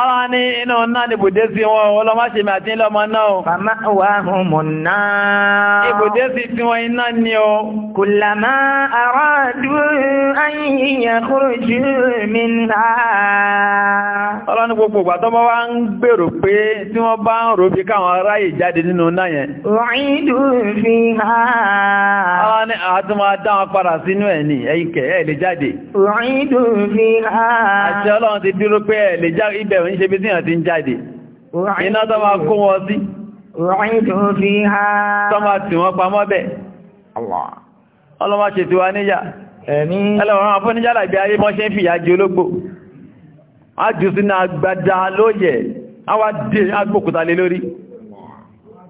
ọlọ́ ní inú náà ní bùdé sí wọn ọlọ́máṣe mi àti ilọ́mọ náà فمأواهم النار ibùdé sí tí wọ́n iná ní o كلما أرادوا أن يخرجوا منها ọlọ́nà gbogbo ìgbà tó bá wá ń gbèrò pé tí wọ́n bá ń r ṣòro bí káwọn ráyè jáde nínú náà yẹn. Wàídù fi ha. Àwọn ni àti máa dá wọn padà sínú ẹ̀ ní ẹ̀yìnkẹ̀ ẹ̀ lè jáde. Wàídù fi ha. Àṣẹ Ọlọ́run ti dúró pé ẹ̀ lè já ibẹ̀ ń ṣe bí tí ti ń jáde. Iná tó Wàídù fi ha. Tó máa tì wọ́n pamọ́ bẹ̀ a wá dé agbókúta lé lórí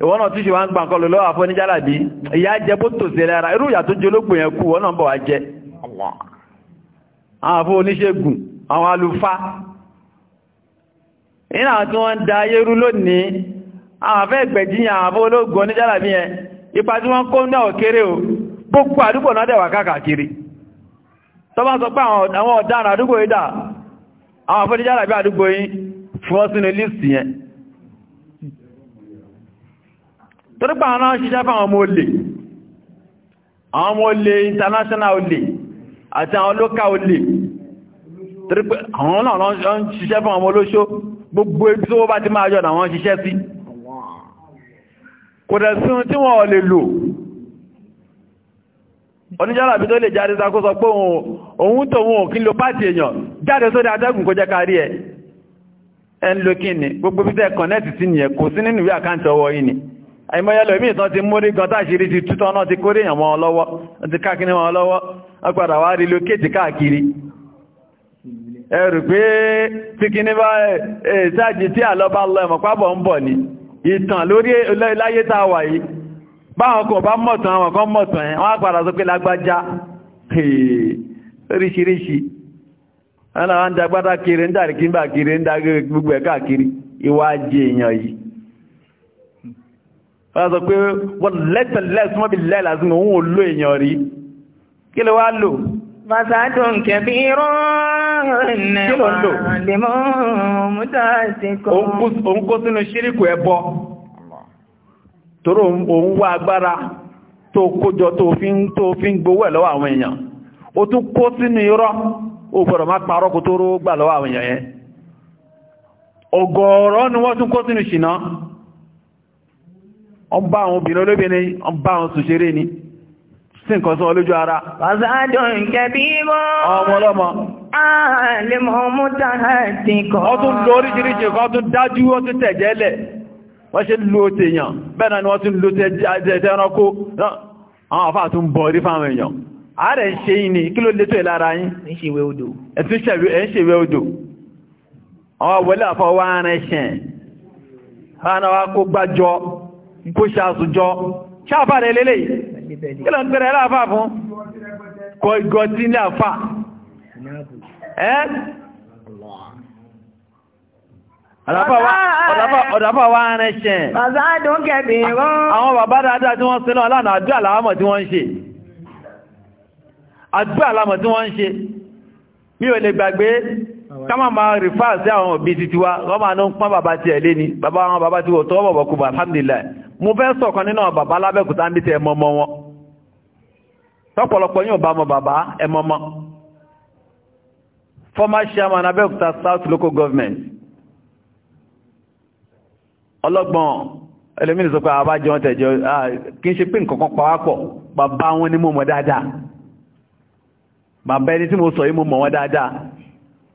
ìwọ́n náà tí ṣe wá ń gbàǹkan lọ lọ́wọ́ àfọ́ níjálà bí ìyá jẹ bó tò sí lára irú ìyà tó jẹ olóògbò yẹn kú wọ́n náà bọ̀ wá jẹ àwọn àfọ́ oníṣègùn àwọn àlùfáà iná tí wọ́n da ayé rú lónìí àwọn afẹ́ wà káàkiri tọ́ sọ pé àwọn ọ̀daràn àdúgbò yìí àwọn àfọ́ bí àdúgbò yìí fi wọ́n sínú lísì yẹn torípa àwọn náà ṣiṣẹ́ fún àwọn ọmọ olè àwọn ọmọ olè international olè àti àwọn local olè torípa àwọn náà ń ṣiṣẹ́ fún àwọn olóṣó gbogbo ibi tó bá ti máa yọ àwọn ṣiṣẹ́ sí kò dẹ̀ sí tí wọ́n lè lò oníjọ́lá bí tó lè jáde sákó sọ pé òun tòun òkín lo pàtì èèyàn jáde sódé atẹ́gùn kó jẹ́ kárí ẹ̀ ẹn lo kí ni gbogbo bíbẹ̀ kọ̀nẹ́tì sí ni ẹ̀ kò sí nínú ìwé àkáǹtì ọwọ́ yìí ni àìmọ́yẹ́lò mí ìtàn ti múrí gan táṣírí ti tútọ́ náà ti kórí èèyàn wọn lọ́wọ́ ti káàkiri wọn lọ́wọ́ ọgbàdà wá rí lókèjì káàkiri ẹrù pé tí kí ẹ̀nà wọ́n ń dagbádá kiri ń dàrí kí ń bà kiri ń dá gbogbo ẹ̀ káàkiri ìwájí èèyàn yìí wọ́n sọ pé wọ́n lẹ́tẹ̀lẹ́ súnmọ́ bí lẹ́lá sí òun ò lò èèyàn rí kí ló wá lò Fasádùn kẹfì rọ́ọ̀nà wà lè mọ́ mútà ó gbọ́dọ̀ má parọ́ kó tó ró gbà lọ́wọ́ àwọn èèyàn yẹn ọ̀gọ̀ọ̀rọ̀ ni wọ́n tún kó sínú ṣìná wọ́n bá àwọn obìnrin olóbìnrin wọ́n bá àwọn sùṣeré ni sí nǹkan sọ olójú ara wọ́n tún lórí jíríjì kan tún dájú wọ́n tún tẹ̀jẹ́lẹ̀ ààrẹ ń ṣe yìí ni kí ló lé tó ìlara yìí ń ṣe ìwé odò ẹ̀tún ṣe ìwé odò àwọn wọlé àfọ́ wá rẹ̀ ṣẹ̀ ọ̀nà wa kó gbájọ kó ṣàtújọ ṣáàfà rẹ̀ lélẹ̀ kí lọ ń pẹ̀rẹ̀ láàfà fún kọ igọ́ tí ní àfà ọ̀dàfà wá rẹ̀ ṣẹ̀ àwọn bàbá dáadáa tí wọ́n sílọ̀ lánàá àdúrà láàmọ̀ tí wọ́n ń ṣe àdúrà alámọ̀ tí wọ́n ń ṣe mi ò lè gbàgbé káma ma rìfà sí àwọn òbí títí wa wọ́n máa ní pán bàbá ti ẹ̀lé ni bàbá àwọn bàbá tí wọ́n tọ́wọ́ bọ̀bọ̀ kùbà alhamdulillah mo fẹ́ sọ̀kan nínú bàbá lábẹ́kùtà ń bí tẹ ẹmọmọ wọn tọ́pọ̀lọpọ̀ yóò bá mọ bàbá ẹmọmọ former chairman Abẹ́òkúta south local government ọlọ́gbọ̀n ẹlẹ́mìnì sọ pé àbájọ́ tẹ̀jọ́ kí n ṣe pé nǹkan kan pàwápọ̀ bàbá wọn ni mo dáadáa bàbá ẹni tí mo sọ yí mo mọ̀ wọ́n dáadáa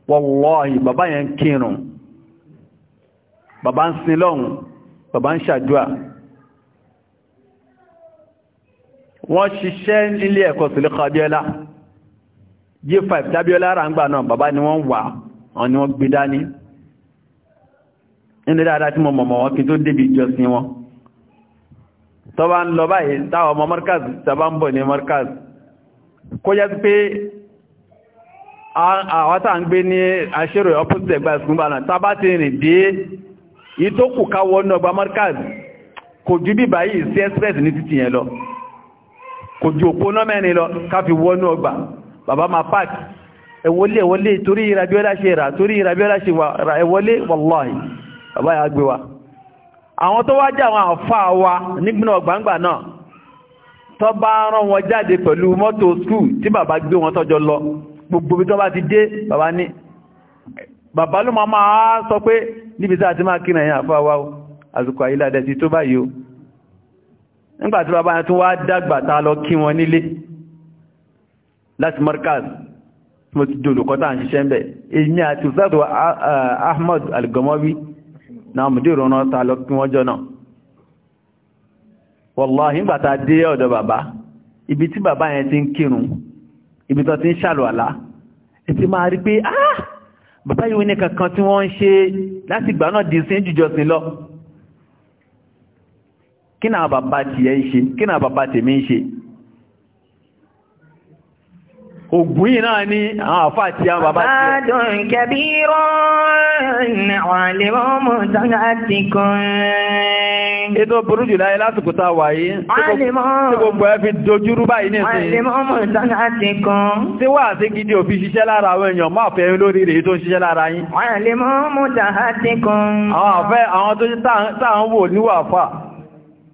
wallahi bàbá yẹn kírun bàbá ń sin lọ́hun bàbá ń ṣàdúà wọ́n ṣiṣẹ́ nílé ẹ̀kọ́ sílẹ̀kọ́ abiola g5 tábíọ́lá ara ń gbà náà bàbá ni wọ́n wà wọn ni wọ́n gbé dání nínú dáadáa tí mo mọ̀mọ̀ wọn kí tó débi ìjọsìn wọn tọ́ba ń lọ báyìí táwọn ọmọ mọ́rkàz tọ́ba ń bọ̀ ní mọ́rkàz kó yẹ́ pé àwọn tàà ń gbé ní aṣẹ́rò opposite ẹgbà ìsúnbà náà tàbá ti rìn dé ìtókù káwọ́ ní ọgbà markaz kò ju bí báyìí sí express ní títì yẹn lọ kò ju òpó náà mẹ́rin lọ káfi wọ́nú ọgbà bàbá ma park ẹwọlé ẹwọlé torí ìrabíọ́lá ṣe rà torí ìrabíọ́lá ṣe rà ẹwọlé wàláhì bàbá yà gbé wa àwọn wa nígbìnà ọgbàǹgbà náà tó bá rán wọn jáde pẹ̀lú mọ́tò skul tí bàbá gbé wọn tọ́jọ lọ gbogbo bí tó bá ti dé bàbá ní bàbá ló máa sọ pé níbi tí a ti máa kíràn yẹn àfáwá àsìkò àyíládẹ̀ ti tó báyìí o nígbàtí bàbá yẹn tún wá dàgbà ta lọ kí wọn nílé láti markaz mo ti dò lùkọ́ ń ṣiṣẹ́ ń èyí àti ìsáàtò Ahmad al na mùdí ìrọ̀nà ta lọ kí wọ́n jọ náà wallahi nígbàtà dé ọ̀dọ̀ bàbá ibi tó ti ń ṣàlùwàlá ètí máa rí pé ah bàbá yìí ní kankan tí wọ́n ń ṣe láti ìgbà náà di sin jùjọsìn lọ kí náà bàbá tiẹ̀ ń ṣe kí náà bàbá tèmi ń ṣe ògùn yìí náà ní àwọn àfá àti àwọn bàbá tí ó. Àbádùn kẹbírọ̀ àlèmọ́mù tánàtìkùn. Ètò burú jù láyé lásìkò tá wà yìí. Tí gbogbo ẹ fi dojúrú báyìí ní ìsìn. Àlèmọ́mù tánàtìkùn. Tí wà sí gidi ò fi ṣiṣẹ́ lára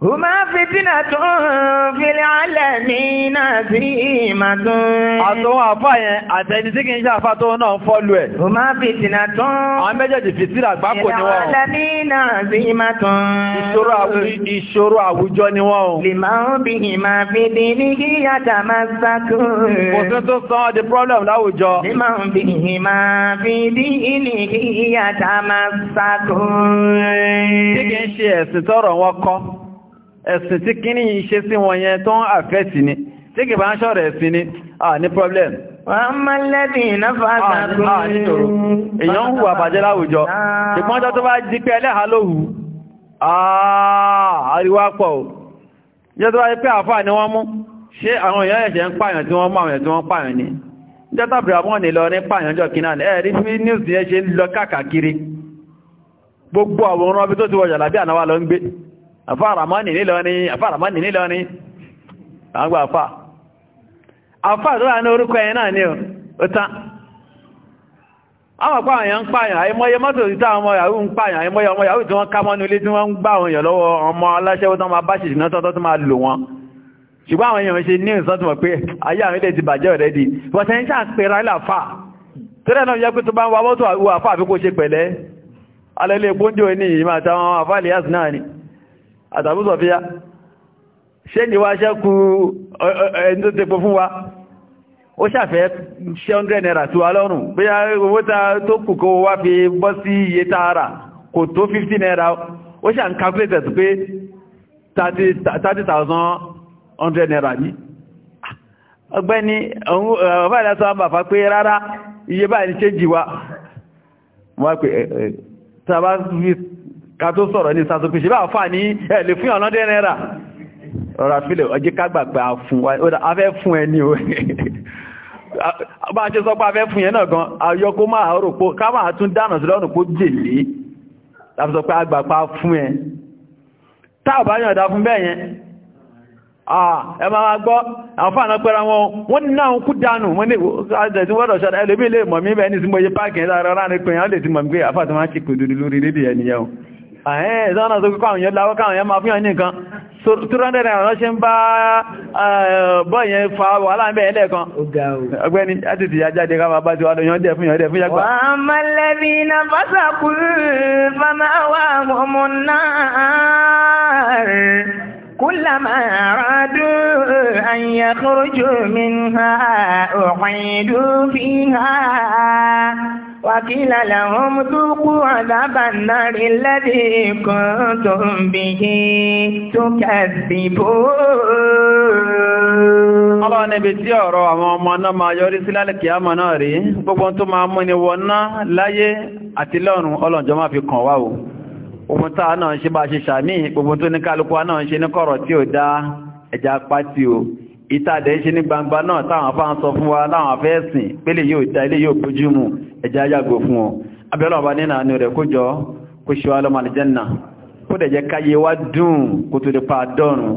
Hùmá fìtínà tó ń fìlẹ̀ alẹ́ mi náà sí ìmàgún. Àtọ́wọ́ àfá yẹn àtẹni tí kì ń ṣe àfá tó náà fọ́lù ẹ̀. Hùmá fìtínà tó ń. Àwọn méjèèjì fìtínà gbáko ni wọ́n. Alẹ́ mi náà sí ìmàgún. Ìṣòro àwùjọ ni wọ́n o. Lè máa ń the problem láwùjọ. Lè máa ń bí ìmà fìdí ní kí yàtà máa sákò ẹ̀sìn tí kíní yìí ṣe sí wọn yẹn tó ń àfẹ́tì ni tí kì bá ń ṣọ̀rọ̀ ẹ̀sìn ni à ní problem. èèyàn ń hùwà bàjẹ́ láwùjọ ìpọ́njọ́ tó bá jí pé ni wọ́n mú ṣé àwọn ni jẹ́ta bìràmọ́ ní lọ ní pàyànjọ́ kìnnà ẹ̀rí fí news yẹn ṣe lọ káàkiri gbogbo àwọn ọmọ ọbí tó ti wọ jàlábí ànáwà lọ ń gbé àfá àràmánì nílọrin àfá àràmánì nílọrin àgbà àfá àfá tó wà ní orúkọ ẹ̀ náà ni ó tán àwọn àpá àyàn ń pààyàn àìmọye mọ́tò ìta ọmọ yàwó ń pààyàn àìmọye ọmọ yàwó tí wọ́n ká mọ́nú ilé tí wọ́n ń gbà àwọn èèyàn lọ́wọ́ ọmọ aláṣẹ́wó tán máa bá ṣìṣì náà tọ́tọ́ tó máa lò wọ́n ṣùgbọ́n àwọn èèyàn ṣe ní ìsọ́tí mọ̀ pé ayé àwọn ilé ti bàjẹ́ ọ̀rẹ́ di wọ́n ṣe ń ṣàpẹẹrẹ aláfà tẹ́lẹ̀ náà yẹ pé tó bá ń wa mọ́tò àfà àfikún ṣe pẹ̀lẹ́ alẹ́lẹ́ epo ń jò ní ìmọ̀ àtàwọn àfà àlẹ́yàsì náà àtàbí sọ̀fíà ṣé ni wá ṣẹ́kù ẹni tó tepo fún wa ó ṣàfẹ́ ṣe 100 naira tí wa lọ́rùn bí i owó tó kù kó wá fi bọ́ sí iye tààrà kò tó 50 naira ó ṣà ń calculate pé 30,100 naira ní ọgbẹ́ni ọ̀fà ìlàsọ́ wa wọ́n pè tàbá ká tó sọ̀rọ̀ ní sàtò pèsè bá fà ní ẹ̀lẹ́ fún ọ̀nàdẹ́ náírà ọ̀rọ̀ àfilẹ̀ ọjẹ́ kágbàgbà fún afẹ́ fún ẹni o bá ṣe sọ pé afẹ́ fún yẹn náà gan ayọ́kó máa rò pó ká máa tún dánà sí lọ́nà pó jèlé láti sọ pé agbàpá fún ẹ táà bá yàn dá fún bẹ́ẹ̀ yẹn ẹ máa ma gbọ́ àǹfààní pẹ́ra wọn wọ́n ní àyẹ́ ìzánà tó kíkọ́ àwọn yẹn láwọ́ káwọn yẹn máa fíyàn ní nǹkan 200 naira ṣe ń bá eh, bọ́yẹn fa wàhálà ń bẹ̀ẹ́ lẹ́ẹ̀kan ọgbẹ́ni àtìtì ajáde ká máa bá ti wà وقيل لهم ذوقوا عذاب النار الذي كنتم به تكذبون Allah níbi tí ọ̀rọ̀ àwọn ọmọ náà máa yọrí sí lálẹ́kì àmà náà rí gbogbo tó máa mú ni wọ́n náà láyé àti lọ́run ọlọ́njọ́ máa fi kàn wá o. Ohun táà náà ń ṣe bá ṣe ṣàmì gbogbo tó ní kálukú náà ń ṣe ní kọ̀rọ̀ tí ò dá ẹja pátí o ìtàdẹ̀ ṣe ní gbangba náà táwọn afá ń sọ fún wa láwọn afẹ́ ẹ̀sìn pélé yóò dá ilé yóò bójú mu ẹja yàgò fún ọ abẹ́lọ́ọ̀bá nínú àánú rẹ̀ kó jọ kó ṣe wá lọ́mọ àlìjẹ́nà kó dẹ̀ jẹ́ káyé wá dùn kó tó lè pa àdọ́rùn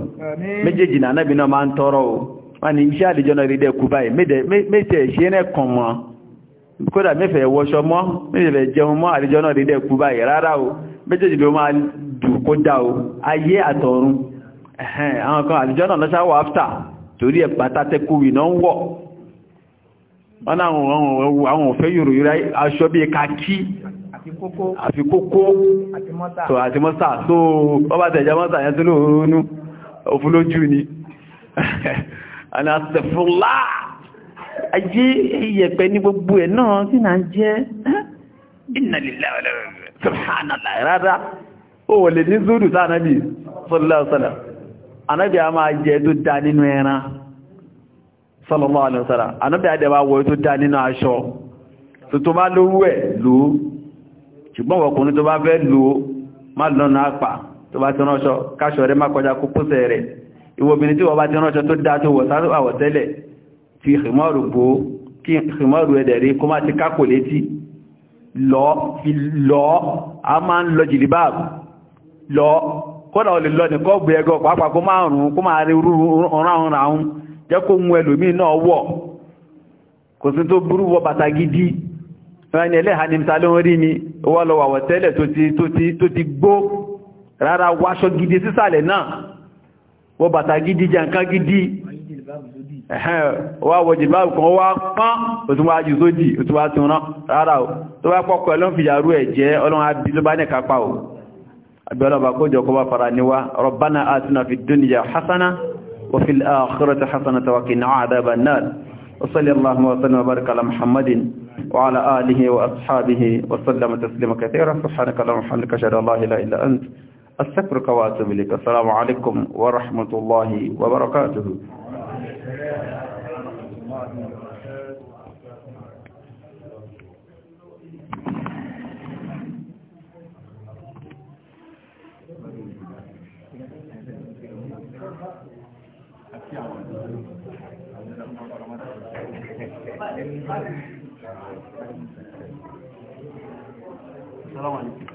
méjèèjì náà nábì náà máa ń tọrọ o wọ́n ní iṣẹ́ àlejò náà rí dẹ́ kú báyìí méjèèjì ṣe é kàn mọ́ torí ẹ̀ pátákùwì náà ń wọ̀ wọ́n àwọn òfẹ́ yòròyìnrá aṣọ bí kakí àfi kókó àti mọ́sà tó ọba tẹ̀já mọ́sà yẹn tó lóòrónú òfúlójú ni aláṣẹ̀fúnlá ayé ìyẹ̀pẹ̀ ní gbogbo ẹ̀ náà tí na jẹ́ ìnàlélẹ́rẹ́ anábì a máa jẹ tó dá nínú ẹran sallallahu alaihi wasallam anábì a dẹ̀bà wọ tó dá nínú aṣọ tó tó bá lówó ẹ̀ lò ó ṣùgbọ́n ọkùnrin tó bá fẹ́ lò ó má lọ́nà àpà tó bá ti ránṣọ káṣọ rẹ̀ má kọjá kó pọ́sẹ̀ rẹ̀ ìwọ̀bìnrin tí wọ́n bá ti tó dá tó wọ̀ sáré kódà o lè lọ nìkan gbé ẹgọ pàápàá kó máa rùn kó máa rí ọ̀ràn ràún jẹ́ kó mú ẹlòmíì náà wọ̀ kò sí tó burú wọ bàtà gidi ẹni ẹlẹ́ha ni ta ló ń rí ni wọ́n lọ wàwọ̀ tẹ́lẹ̀ tó ti gbó rárá wáṣọ gidi sísàlẹ̀ náà wọ bàtà gidi jẹ́ nǹkan gidi wá wọ jìlbáàbù kan wá pán òtún wá jù sódì òtún wá tún rán rárá o tó bá pọ́kọ̀ بلا bá kójọ kó bá fara níwá rọ̀bánà àtúnà fi dúnìyà hasana wa fi al وصلى الله وسلم وبارك على محمد وعلى آله وأصحابه وسلم تسليما كثيرا سبحانك اللهم وبحمدك أشهد أن لا إله إلا أنت أستغفرك وأتوب إليك السلام عليكم ورحمة الله وبركاته Assalamu alaikum.